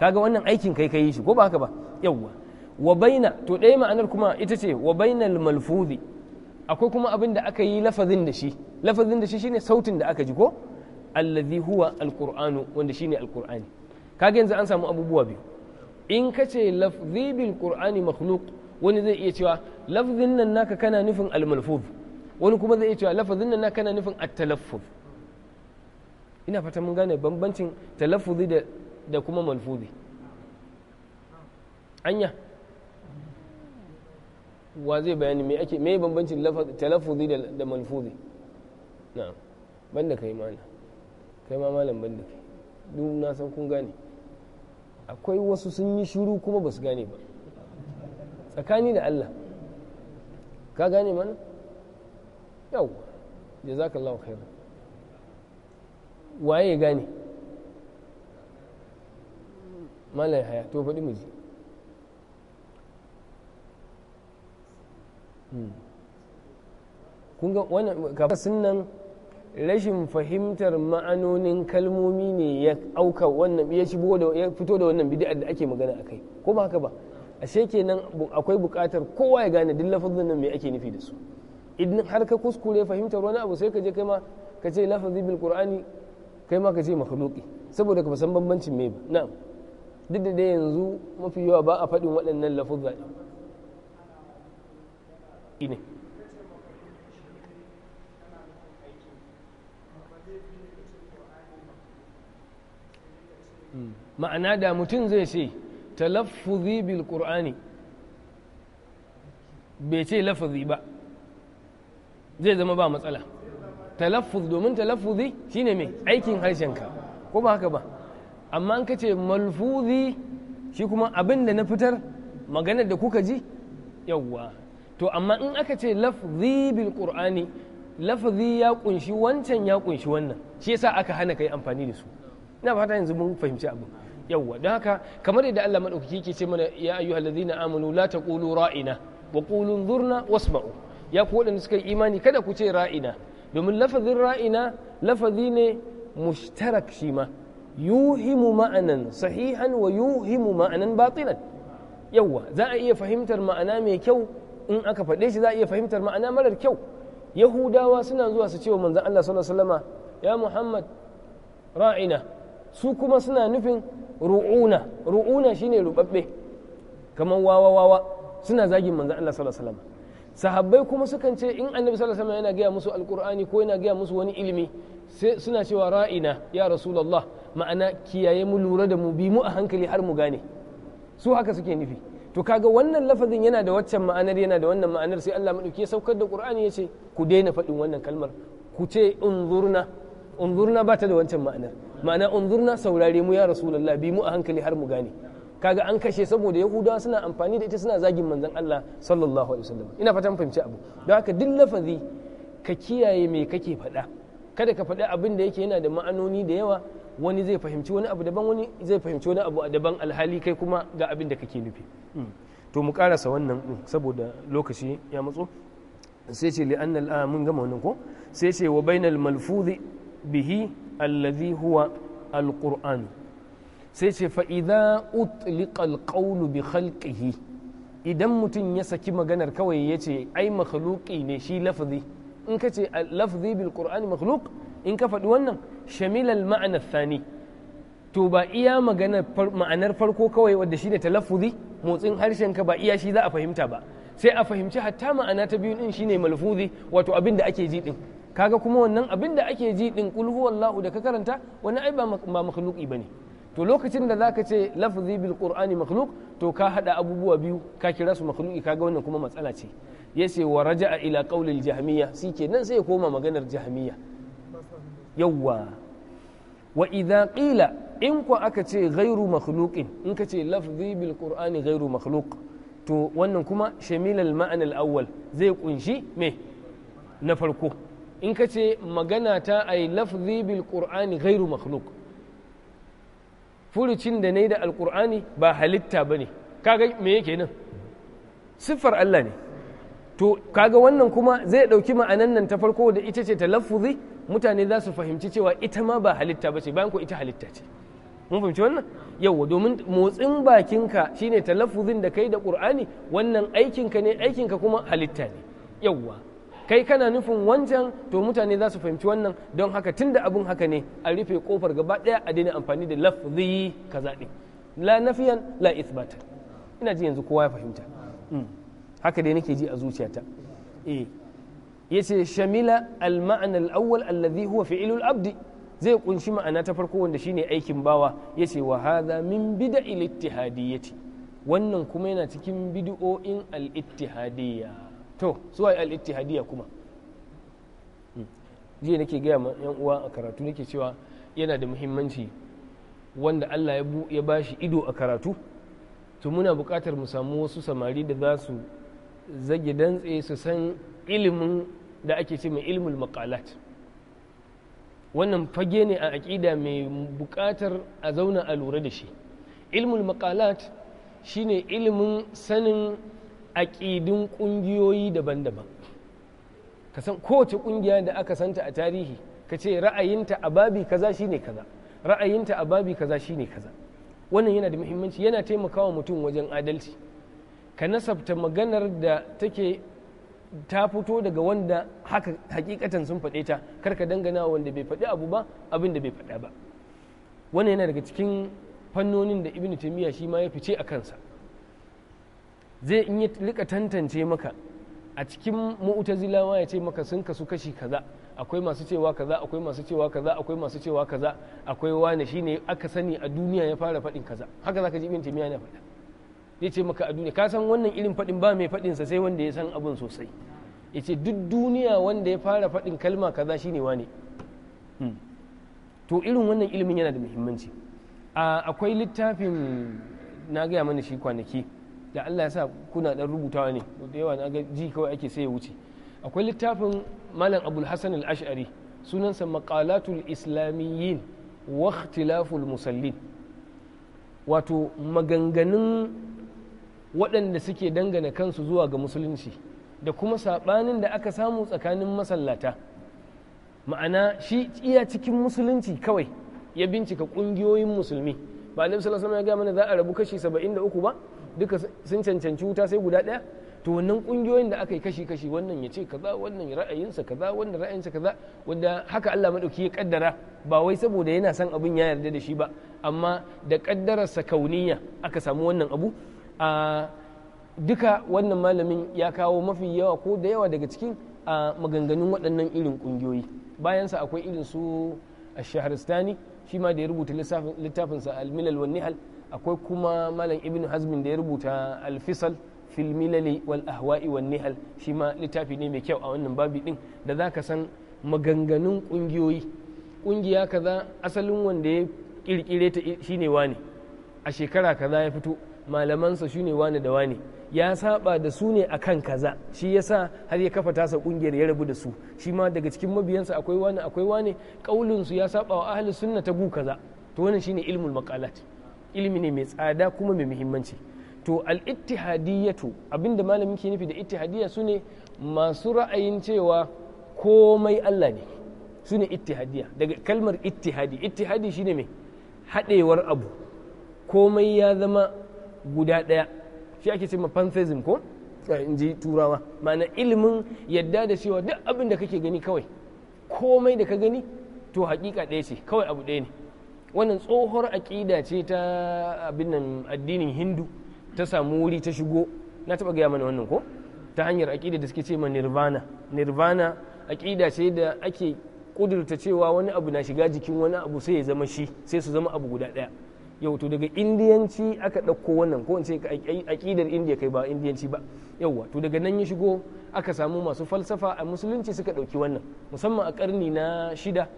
kaga wannan aikin kai kai shi ko ba haka ba yawwa wa baina to ɗaya ma'anar kuma ita ce wa bainal malfuzi akwai kuma abin da aka yi lafazin da shi lafazin da shi shine sautin da aka ji ko allazi huwa alqur'anu wanda shine alqur'ani kaga yanzu an samu abubuwa biyu in ka ce lafzi bil qur'ani makhluq wani zai iya cewa lafzin nan naka kana nufin almalfuz wani kuma zai iya cewa lafazin nan naka kana nufin at-talaffuz ina fata mun gane bambancin talaffuzi da da kuma malfuzi anya wa zai bayani me ake me bambancin talaffuzi da malfuzi na'am banda kai mana kai ma malam banda kai duk na san kun gane akwai wasu sun yi shiru kuma ba su gane ba tsakani da Allah ka gane mana yau jazakallahu khairan waye gane malam haya to faɗi mu ji kun ga wannan kafin sunan rashin fahimtar ma'anonin kalmomi ne ya auka wannan ya shigo da ya fito da wannan bid'a da ake magana a kai ko ba haka ba a sheke nan akwai bukatar kowa ya gane duk lafazin nan me ake nufi da su idan har ka kuskure fahimtar wani abu sai ka je kai ma ka ce lafazi bil qur'ani kai ma ka ce makhluqi saboda ka san bambancin me ba na'am duk da yanzu mafi yawa ba a faɗin waɗannan lafazin Hmm. ma'ana da mutum zai ce talaffuzi bil qur'ani bai ce lafuzi ba zai zama ba matsala talaffuz domin talaffuzi shine mai aikin harshenka ko ba haka ba amma an kace malfuzi shi kuma abin da na fitar maganar da kuka ji yawwa to amma in aka ce lafzi bil qur'ani lafazi ya kunshi wancan ya kunshi wannan shi yasa aka hana kai amfani da su ina fata yanzu mun fahimci abu yawwa don haka kamar yadda Allah madaukaki yake ce mana ya ayyuhal amanu la taqulu ra'ina wa qulu anzurna wasma'u ya ku wadanda suka yi imani kada ku ce ra'ina domin lafazin ra'ina lafazi ne mushtarak shi ma yuhimu ma'anan sahihan wa yuhimu ma'anan batilan yawwa za a iya fahimtar ma'ana mai kyau in aka faɗe shi za a iya fahimtar ma'ana marar kyau yahudawa suna zuwa su ce wa manzan Allah sallallahu alaihi wasallama ya muhammad ra'ina su kuma suna nufin ru'una ru'una shine rubabbe kamar wawa wawa suna zagin manzan Allah sallallahu alaihi wasallama sahabbai kuma sukan ce in annabi sallallahu alaihi yana gaya musu alkur'ani ko yana gaya musu wani ilimi sai suna cewa ra'ina ya rasulullah ma'ana kiyaye mu lura da mu bi mu a hankali har mu gane su haka suke nufi to kaga wannan lafazin yana da waccan ma'anar yana da wannan ma'anar sai Allah madauki ya saukar da Qur'ani yace ku daina faɗin wannan kalmar ku ce unzurna unzurna ba ta da wancan ma'anar ma'ana unzurna saurare mu ya rasulullah bi mu a hankali har mu gane kaga an kashe saboda yahudawa suna amfani da ita suna zagin manzon Allah sallallahu alaihi wasallam ina fatan fahimci abu don haka duk lafazi ka kiyaye me kake faɗa kada ka faɗi abin da yake yana da ma'anoni da yawa wani zai fahimci wani abu daban wani zai fahimci wani abu daban alhali kai kuma ga abin da kake nufi hmm. to mu karasa wannan din saboda lokaci ya matso sai ce li'annal ah, mun gama wannan ko sai ce wa bainal malfuzi bihi allazi huwa alqur'an sai ce fa idza utliqa alqawlu bi khalqihi idan mutum ya saki maganar kawai ya ce ai makhluqi ne shi lafzi in ka ce lafzi bil qur'ani makhluq in ka faɗi wannan shamilal ma'anar Sani. to ba iya ma'anar farko kawai wadda shi ne talaffuzi motsin harshen ka ba iya shi za a fahimta ba sai a fahimci hatta ma'ana ta biyu din shine malfuzi wato abin da ake ji din kaga kuma wannan abin da ake ji din kul huwallahu da ka karanta wani ai ba makhluqi bane to lokacin da zaka ce lafzi bil qur'ani makhluq to ka hada abubuwa biyu ka kira su makhluqi kaga wannan kuma matsala ce yace wa raja'a ila qawlil jahmiyya nan sai ya koma maganar jahmiyya yawwa wa idza qila in ku aka ce ghairu makhluqin in ka ce lafzi bil qur'ani ghairu makhluq to wannan kuma shamilal ma'an al awwal zai kunshi me na farko in ka ce magana ta ai lafzi bil qur'ani ghairu makhluq furucin da nayi da alqur'ani ba halitta bane kaga me yake nan siffar Allah ne to kaga wannan kuma zai dauki ma'anan nan ta farko da ita ce ta lafzi mutane za su fahimci cewa ita ma ba halitta ba ce bayan ko ita halitta ce mun fahimci wannan yauwa domin motsin bakinka shine ta talaffuzin da kai da qur'ani wannan aikinka ne aikinka kuma halitta ne yauwa kai kana nufin wancan to mutane za su fahimci wannan don haka tunda abun haka ne a rufe kofar gaba daya a daina amfani da lafzi kaza din la nafiyan la isbata ina ji yanzu kowa ya fahimta hmm, haka dai nake ji a zuciyata eh yace shamila al-ma'na al-awwal alladhi huwa fi'lu al zai kunshi ma'ana ta farko wanda shine aikin bawa yace wa hadha min bid'i al-ittihadiyyati wannan kuma yana cikin bid'o'in al-ittihadiyya to suwaye al-ittihadiyya kuma hmm. jiya nake gaya ma yan uwa a karatu nake cewa yana da muhimmanci wanda Allah ya bashi ido a karatu to muna buƙatar mu samu wasu samari da za su zage dantse su san ilimin da ake ce mai ilmul makalat wannan fage ne a aƙida mai buƙatar a zauna a lura da shi ilmul maqalat shine ilimin sanin aƙidin ƙungiyoyi daban-daban ka san kowace ƙungiya da aka santa a tarihi ka ce ra'ayinta a babi kaza shine kaza ra'ayinta a babi kaza shine kaza wannan yana da muhimmanci yana taimakawa mutum wajen adalci ka nasabta maganar da take ta fito daga wanda haka hakikatan sun faɗe ta karka dangana wanda bai faɗi abu ba abin da bai faɗa ba wannan yana daga cikin fannonin da ibn taymiya shi ma ya fice a kansa zai in ya rika tantance maka a cikin mu'tazilawa ya ce maka sun kasu kashi kaza akwai masu cewa kaza akwai masu cewa kaza akwai masu cewa kaza akwai wane shine aka sani a duniya ya fara faɗin kaza haka zaka ji ibn taymiya yana faɗa zai ce maka a duniya ka san wannan irin faɗin ba mai faɗin sa sai wanda ya san abin sosai yace duk duniya wanda ya fara faɗin kalma kaza shine wane hmm. to irin wannan ilimin yana da muhimmanci akwai littafin na gaya mana shi kwanaki da Allah ya sa kuna dan rubutawa ne da yawa na ga ji kawai ake sai ya wuce akwai littafin malam abul hasan al-ash'ari sunansa maqalatul islamiyyin wa ikhtilaful musallin wato maganganun waɗanda suke dangana kansu zuwa ga musulunci da kuma saɓanin da aka samu tsakanin masallata ma'ana shi iya cikin musulunci kawai ya bincika ƙungiyoyin musulmi ba alaihi sallallahu ya gaya mana za a rabu kashi 73 ba duka sun cancanci wuta sai guda ɗaya to wannan ƙungiyoyin da aka yi kashi kashi wannan ya ce kaza wannan ra'ayinsa kaza wannan ra'ayinsa kaza wanda haka Allah madauki ya kaddara ba wai saboda yana son abin ya yarda da shi ba amma da kaddararsa kauniya aka samu wannan abu a duka wannan malamin ya kawo mafi yawa ko da yawa daga cikin a maganganun waɗannan irin ƙungiyoyi bayansa akwai irin su shaharistani shi ma da ya rubuta littafinsa al-milal wa nihal akwai kuma malam ibn hazmin da ya rubuta alfisal fisal fil milali wal ahwa'i wan nihal shi ma littafi ne mai kyau a wannan babi din da zaka san maganganun ƙungiyoyi ƙungiya kaza asalin wanda ya kirkire ta shine wane a shekara kaza ya fito malamansa shine wani da wani ya saba da su ne akan kaza shi yasa har ya kafa tasa kungiyar ya rabu da su shi ma daga cikin mabiyansa akwai wani akwai wani kaulin su ya saba wa ahli sunna ta gu kaza to wannan shine ilmul maqalat ilmi ne mai tsada kuma mai muhimmanci to al-ittihadiyatu abinda malamin ke nufi da ittihadiyya ne masu ra'ayin cewa komai Allah ne sune ittihadiyya daga kalmar ittihadi ittihadi shine mai haɗewar abu komai ya zama guda ɗaya shi ake cewa pantheism ko eh, in ji turawa ma'ana ilimin yadda da cewa duk abin da kake gani kawai komai da ka gani to hakika ɗaya ce kawai abu ɗaya ne wannan tsohuwar aƙida ce ta abin nan addinin hindu ta samu wuri ta shigo na taɓa gaya mana wannan ko ta hanyar aƙida da suke ce ma nirvana nirvana aƙida ce da ake kudurta cewa wani abu na shiga jikin wani abu sai ya zama shi sai su zama abu guda ɗaya yau to daga indiyanci aka ɗauko wannan ko in ce aƙidar indiya kai ba indiyanci ba yauwa to daga nan ya shigo aka samu masu falsafa a musulunci suka ɗauki wannan musamman a ƙarni na shida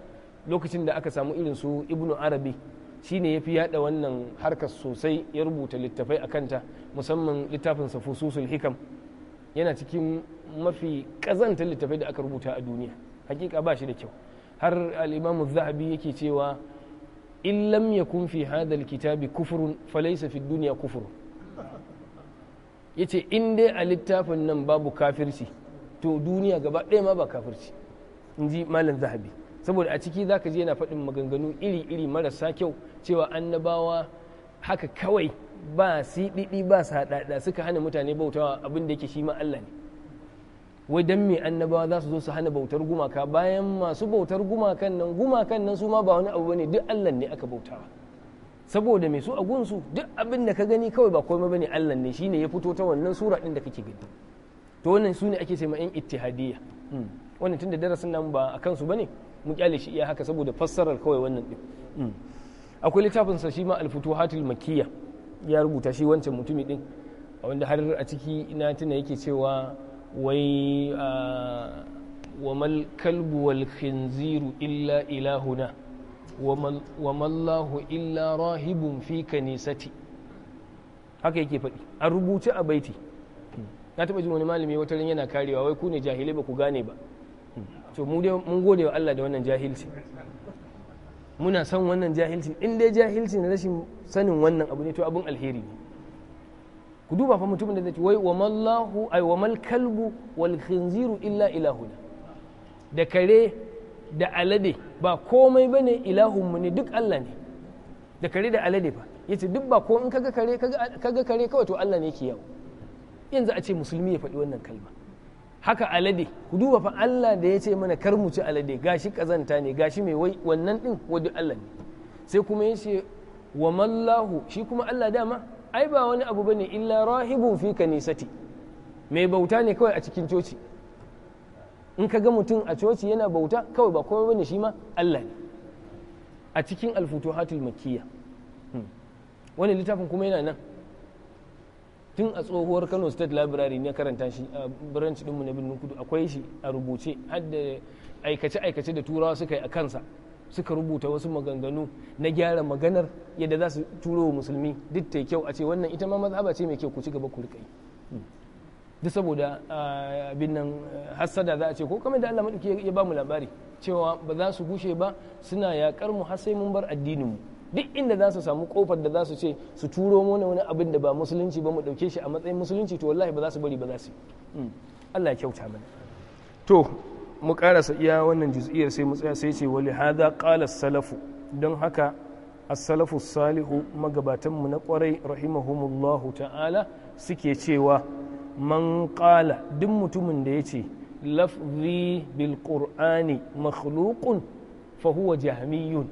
lokacin da aka samu irin su ibnu arabi shine ya fi yada wannan harkar sosai ya rubuta littafai a kanta musamman littafinsa fususul hikam yana cikin mafi ƙazantar littafai da aka rubuta a duniya hakika ba shi da kyau har al'imamu zahabi yake cewa in lam kun fi hadal kitabi kufurun falaisa fi dunya yace in dai a littafin nan babu kafirci to duniya gaba ɗaya ma ba kafirci in ji malam zahabi saboda a ciki zaka je yana faɗin maganganu iri-iri marasa kyau cewa annabawa haka kawai ba siɗiɗi ba su haɗaɗa suka hana mutane bautawa abin da yake shi ma Allah ne wai dan me annabawa za su zo su hana bautar gumaka bayan masu bautar gumakan nan gumakan nan su ma ba wani abu bane duk Allah ne aka bautawa saboda me su a gunsu duk abin da ka gani kawai ba komai bane Allah ne shine ya fito ta wannan sura din da kake gani to wannan sune ake ce ma yan ittihadiyya hmm. wannan tunda darasin nan ba a kansu bane mu kyale shi iya haka saboda fassarar kawai wannan din hmm. akwai littafin sa shi ma al-futuhatul ya rubuta shi wancan mutumi din wanda har a ciki ina tuna yake cewa wai wa mal kalbu wal khinziru illa ilahuna wa mallahu illa rahibun fi kanisati haka yake faɗi a rubuce a baiti na taɓa jin wani malami wata ran yana karewa wai ku ne jahilai ba ku gane ba to mu dai mun gode wa Allah da wannan jahilci muna son wannan jahilci in dai jahilci na rashin sanin wannan abu ne to abin alheri ne ku duba fa mutumin da zai ce wai wa mallahu ay wa mal kalbu wal khinziru illa ilahuna da kare da alade ba komai bane ilahun mu ne duk Allah ne da kare da alade fa yace duk ba ko in kaga kare kaga kare kawai to Allah ne yake yawo yanzu a ce musulmi ya faɗi wannan kalma haka alade ku duba fa Allah da ya ce mana kar mu ci alade gashi kazanta ne gashi mai wai wannan din wadi Allah ne sai kuma ya ce wa mallahu shi kuma Allah dama ai ba wani abu bane illa rahibun fi kanisati mai bauta ne kawai a cikin coci in ka ga mutum a coci yana bauta kawai ba komai bane shi ma Allah ne a cikin alfutuhatul makkiya hmm. wani littafin kuma yana nan tun a tsohuwar Kano State Library ne karanta shi a branch dinmu na Birnin Kudu akwai shi a rubuce har aikace aikace da turawa suka yi a kansa suka rubuta wasu maganganu na gyara maganar yadda za su turo wa musulmi duk ta kyau a ce wannan ita ma mazhaba ce mai kyau ku ci gaba ku rika yi duk saboda ah, abin nan ah, hassada za a ce ko kamar da Allah madauki ya ba mu labari cewa ba za su gushe ba suna yakar mu har sai mun bar addinin mu duk inda za su samu kofar da za su ce su turo mana wani abin da ba musulunci ba mu dauke shi a matsayin musulunci to wallahi ba za su bari ba za su hmm. Allah ya kyauta mana to mu karasa iya wannan juz'iyar sai mu tsaya sai ce wali hada qala salafu don haka as-salafu salihu magabatan mu na kwarai rahimahumullahu ta'ala suke cewa man qala duk mutumin da yace lafzi bil qur'ani makhluqun fa huwa jahmiyun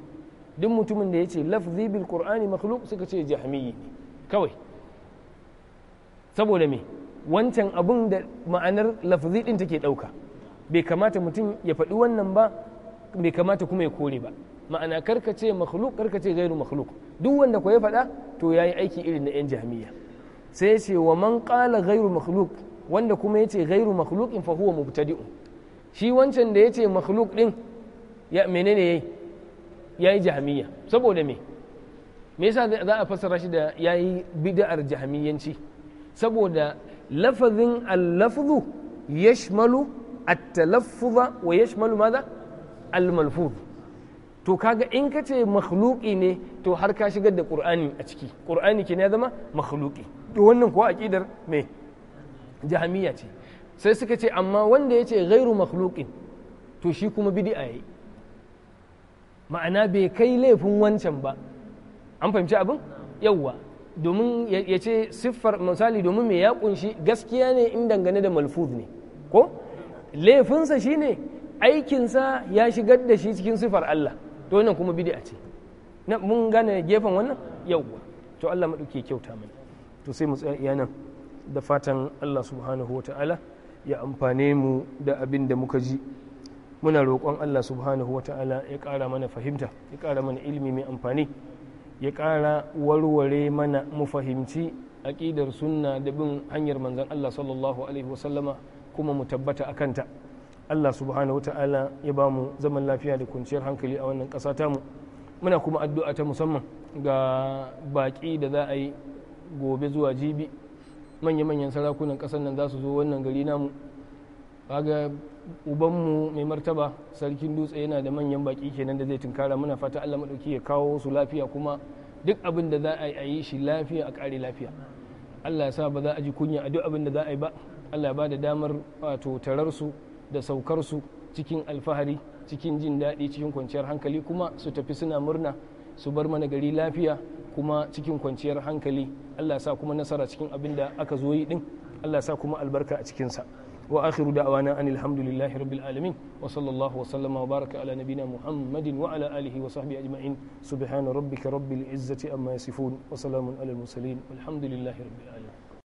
duk mutumin da yace lafzi bil qur'ani makhluq suka ce jahmiyi kawai saboda me wancan abin da ma'anar lafzi din take dauka bai kamata mutum ya faɗi wannan ba bai kamata kuma ya kore ba ma'ana karkace makhluk karkace gairu makhluk duk wanda ko ya faɗa to yayi aiki irin na yan jami'a sai ce wa man qala gairu makhluk wanda kuma yace gairu makhluqin in huwa mubtadi'un shi wancan da ce makhluk ɗin. ya menene Ya yi jahmiya saboda me me yasa za a fassara shi da yayi bid'ar jami'anci saboda lafazin al-lafzu yashmalu التلفظ ويشمل wa الملفوظ al to kaga in ka ce makhluqi ne to har ka shigar da qur'ani a ciki qur'ani kina zama makhluqi to wannan kuwa aqidar me jahamiya ce sai suka ce amma wanda ya ce ghairu makhluqin to shi kuma bid'a yayi ma'ana bai kai laifin wancan ba an fahimci abin yawwa domin ya ce siffar misali domin me ya kunshi gaskiya ne in dangane da malfuz ne ko laifinsa shine aikinsa ya shigar da shi cikin sifar Allah to wannan kuma bid'a ce mun gane gefen wannan yawwa to Allah dauke kyauta mana to sai mu tsaya iyanan da fatan Allah subhanahu wa ta'ala ya amfane mu da abin da muka ji muna roƙon Allah subhanahu wa ta'ala ya ƙara mana fahimta ya ƙara mana ilimi mai amfani ya ƙara warware mana mu fahimci aƙidar sunna da bin hanyar manzon Allah sallallahu alaihi wasallama kuma mu tabbata a kanta allah subhanahu wa ta'ala ya ba mu zaman lafiya da kwanciyar hankali a wannan ƙasa mu. muna kuma addu'a ta musamman ga baƙi da za a yi gobe zuwa jibi manya-manyan sarakunan ƙasar nan za su zo wannan gari namu kaga ubanmu mai martaba sarkin dutse yana da manyan baƙi kenan da zai tunkara muna fata allah maɗauki ya kawo su lafiya kuma duk abin da za a yi shi lafiya a ƙare lafiya allah ya sa ba za a ji kunya a duk abin da za a yi ba Allah ba da damar wato tararsu da saukarsu cikin alfahari cikin jin daɗi cikin kwanciyar hankali kuma su tafi suna murna su bar mana gari lafiya kuma cikin kwanciyar hankali Allah sa kuma nasara cikin abin da aka zo yi din Allah sa kuma albarka a cikinsa wa akhiru da'wana anil hamdulillahi rabbil alamin wa sallallahu wa sallama wa baraka ala nabina muhammadin wa ala alihi wa sahbihi ajma'in subhana rabbika rabbil izzati amma yasifun wa salamun alal mursalin walhamdulillahi rabbil alamin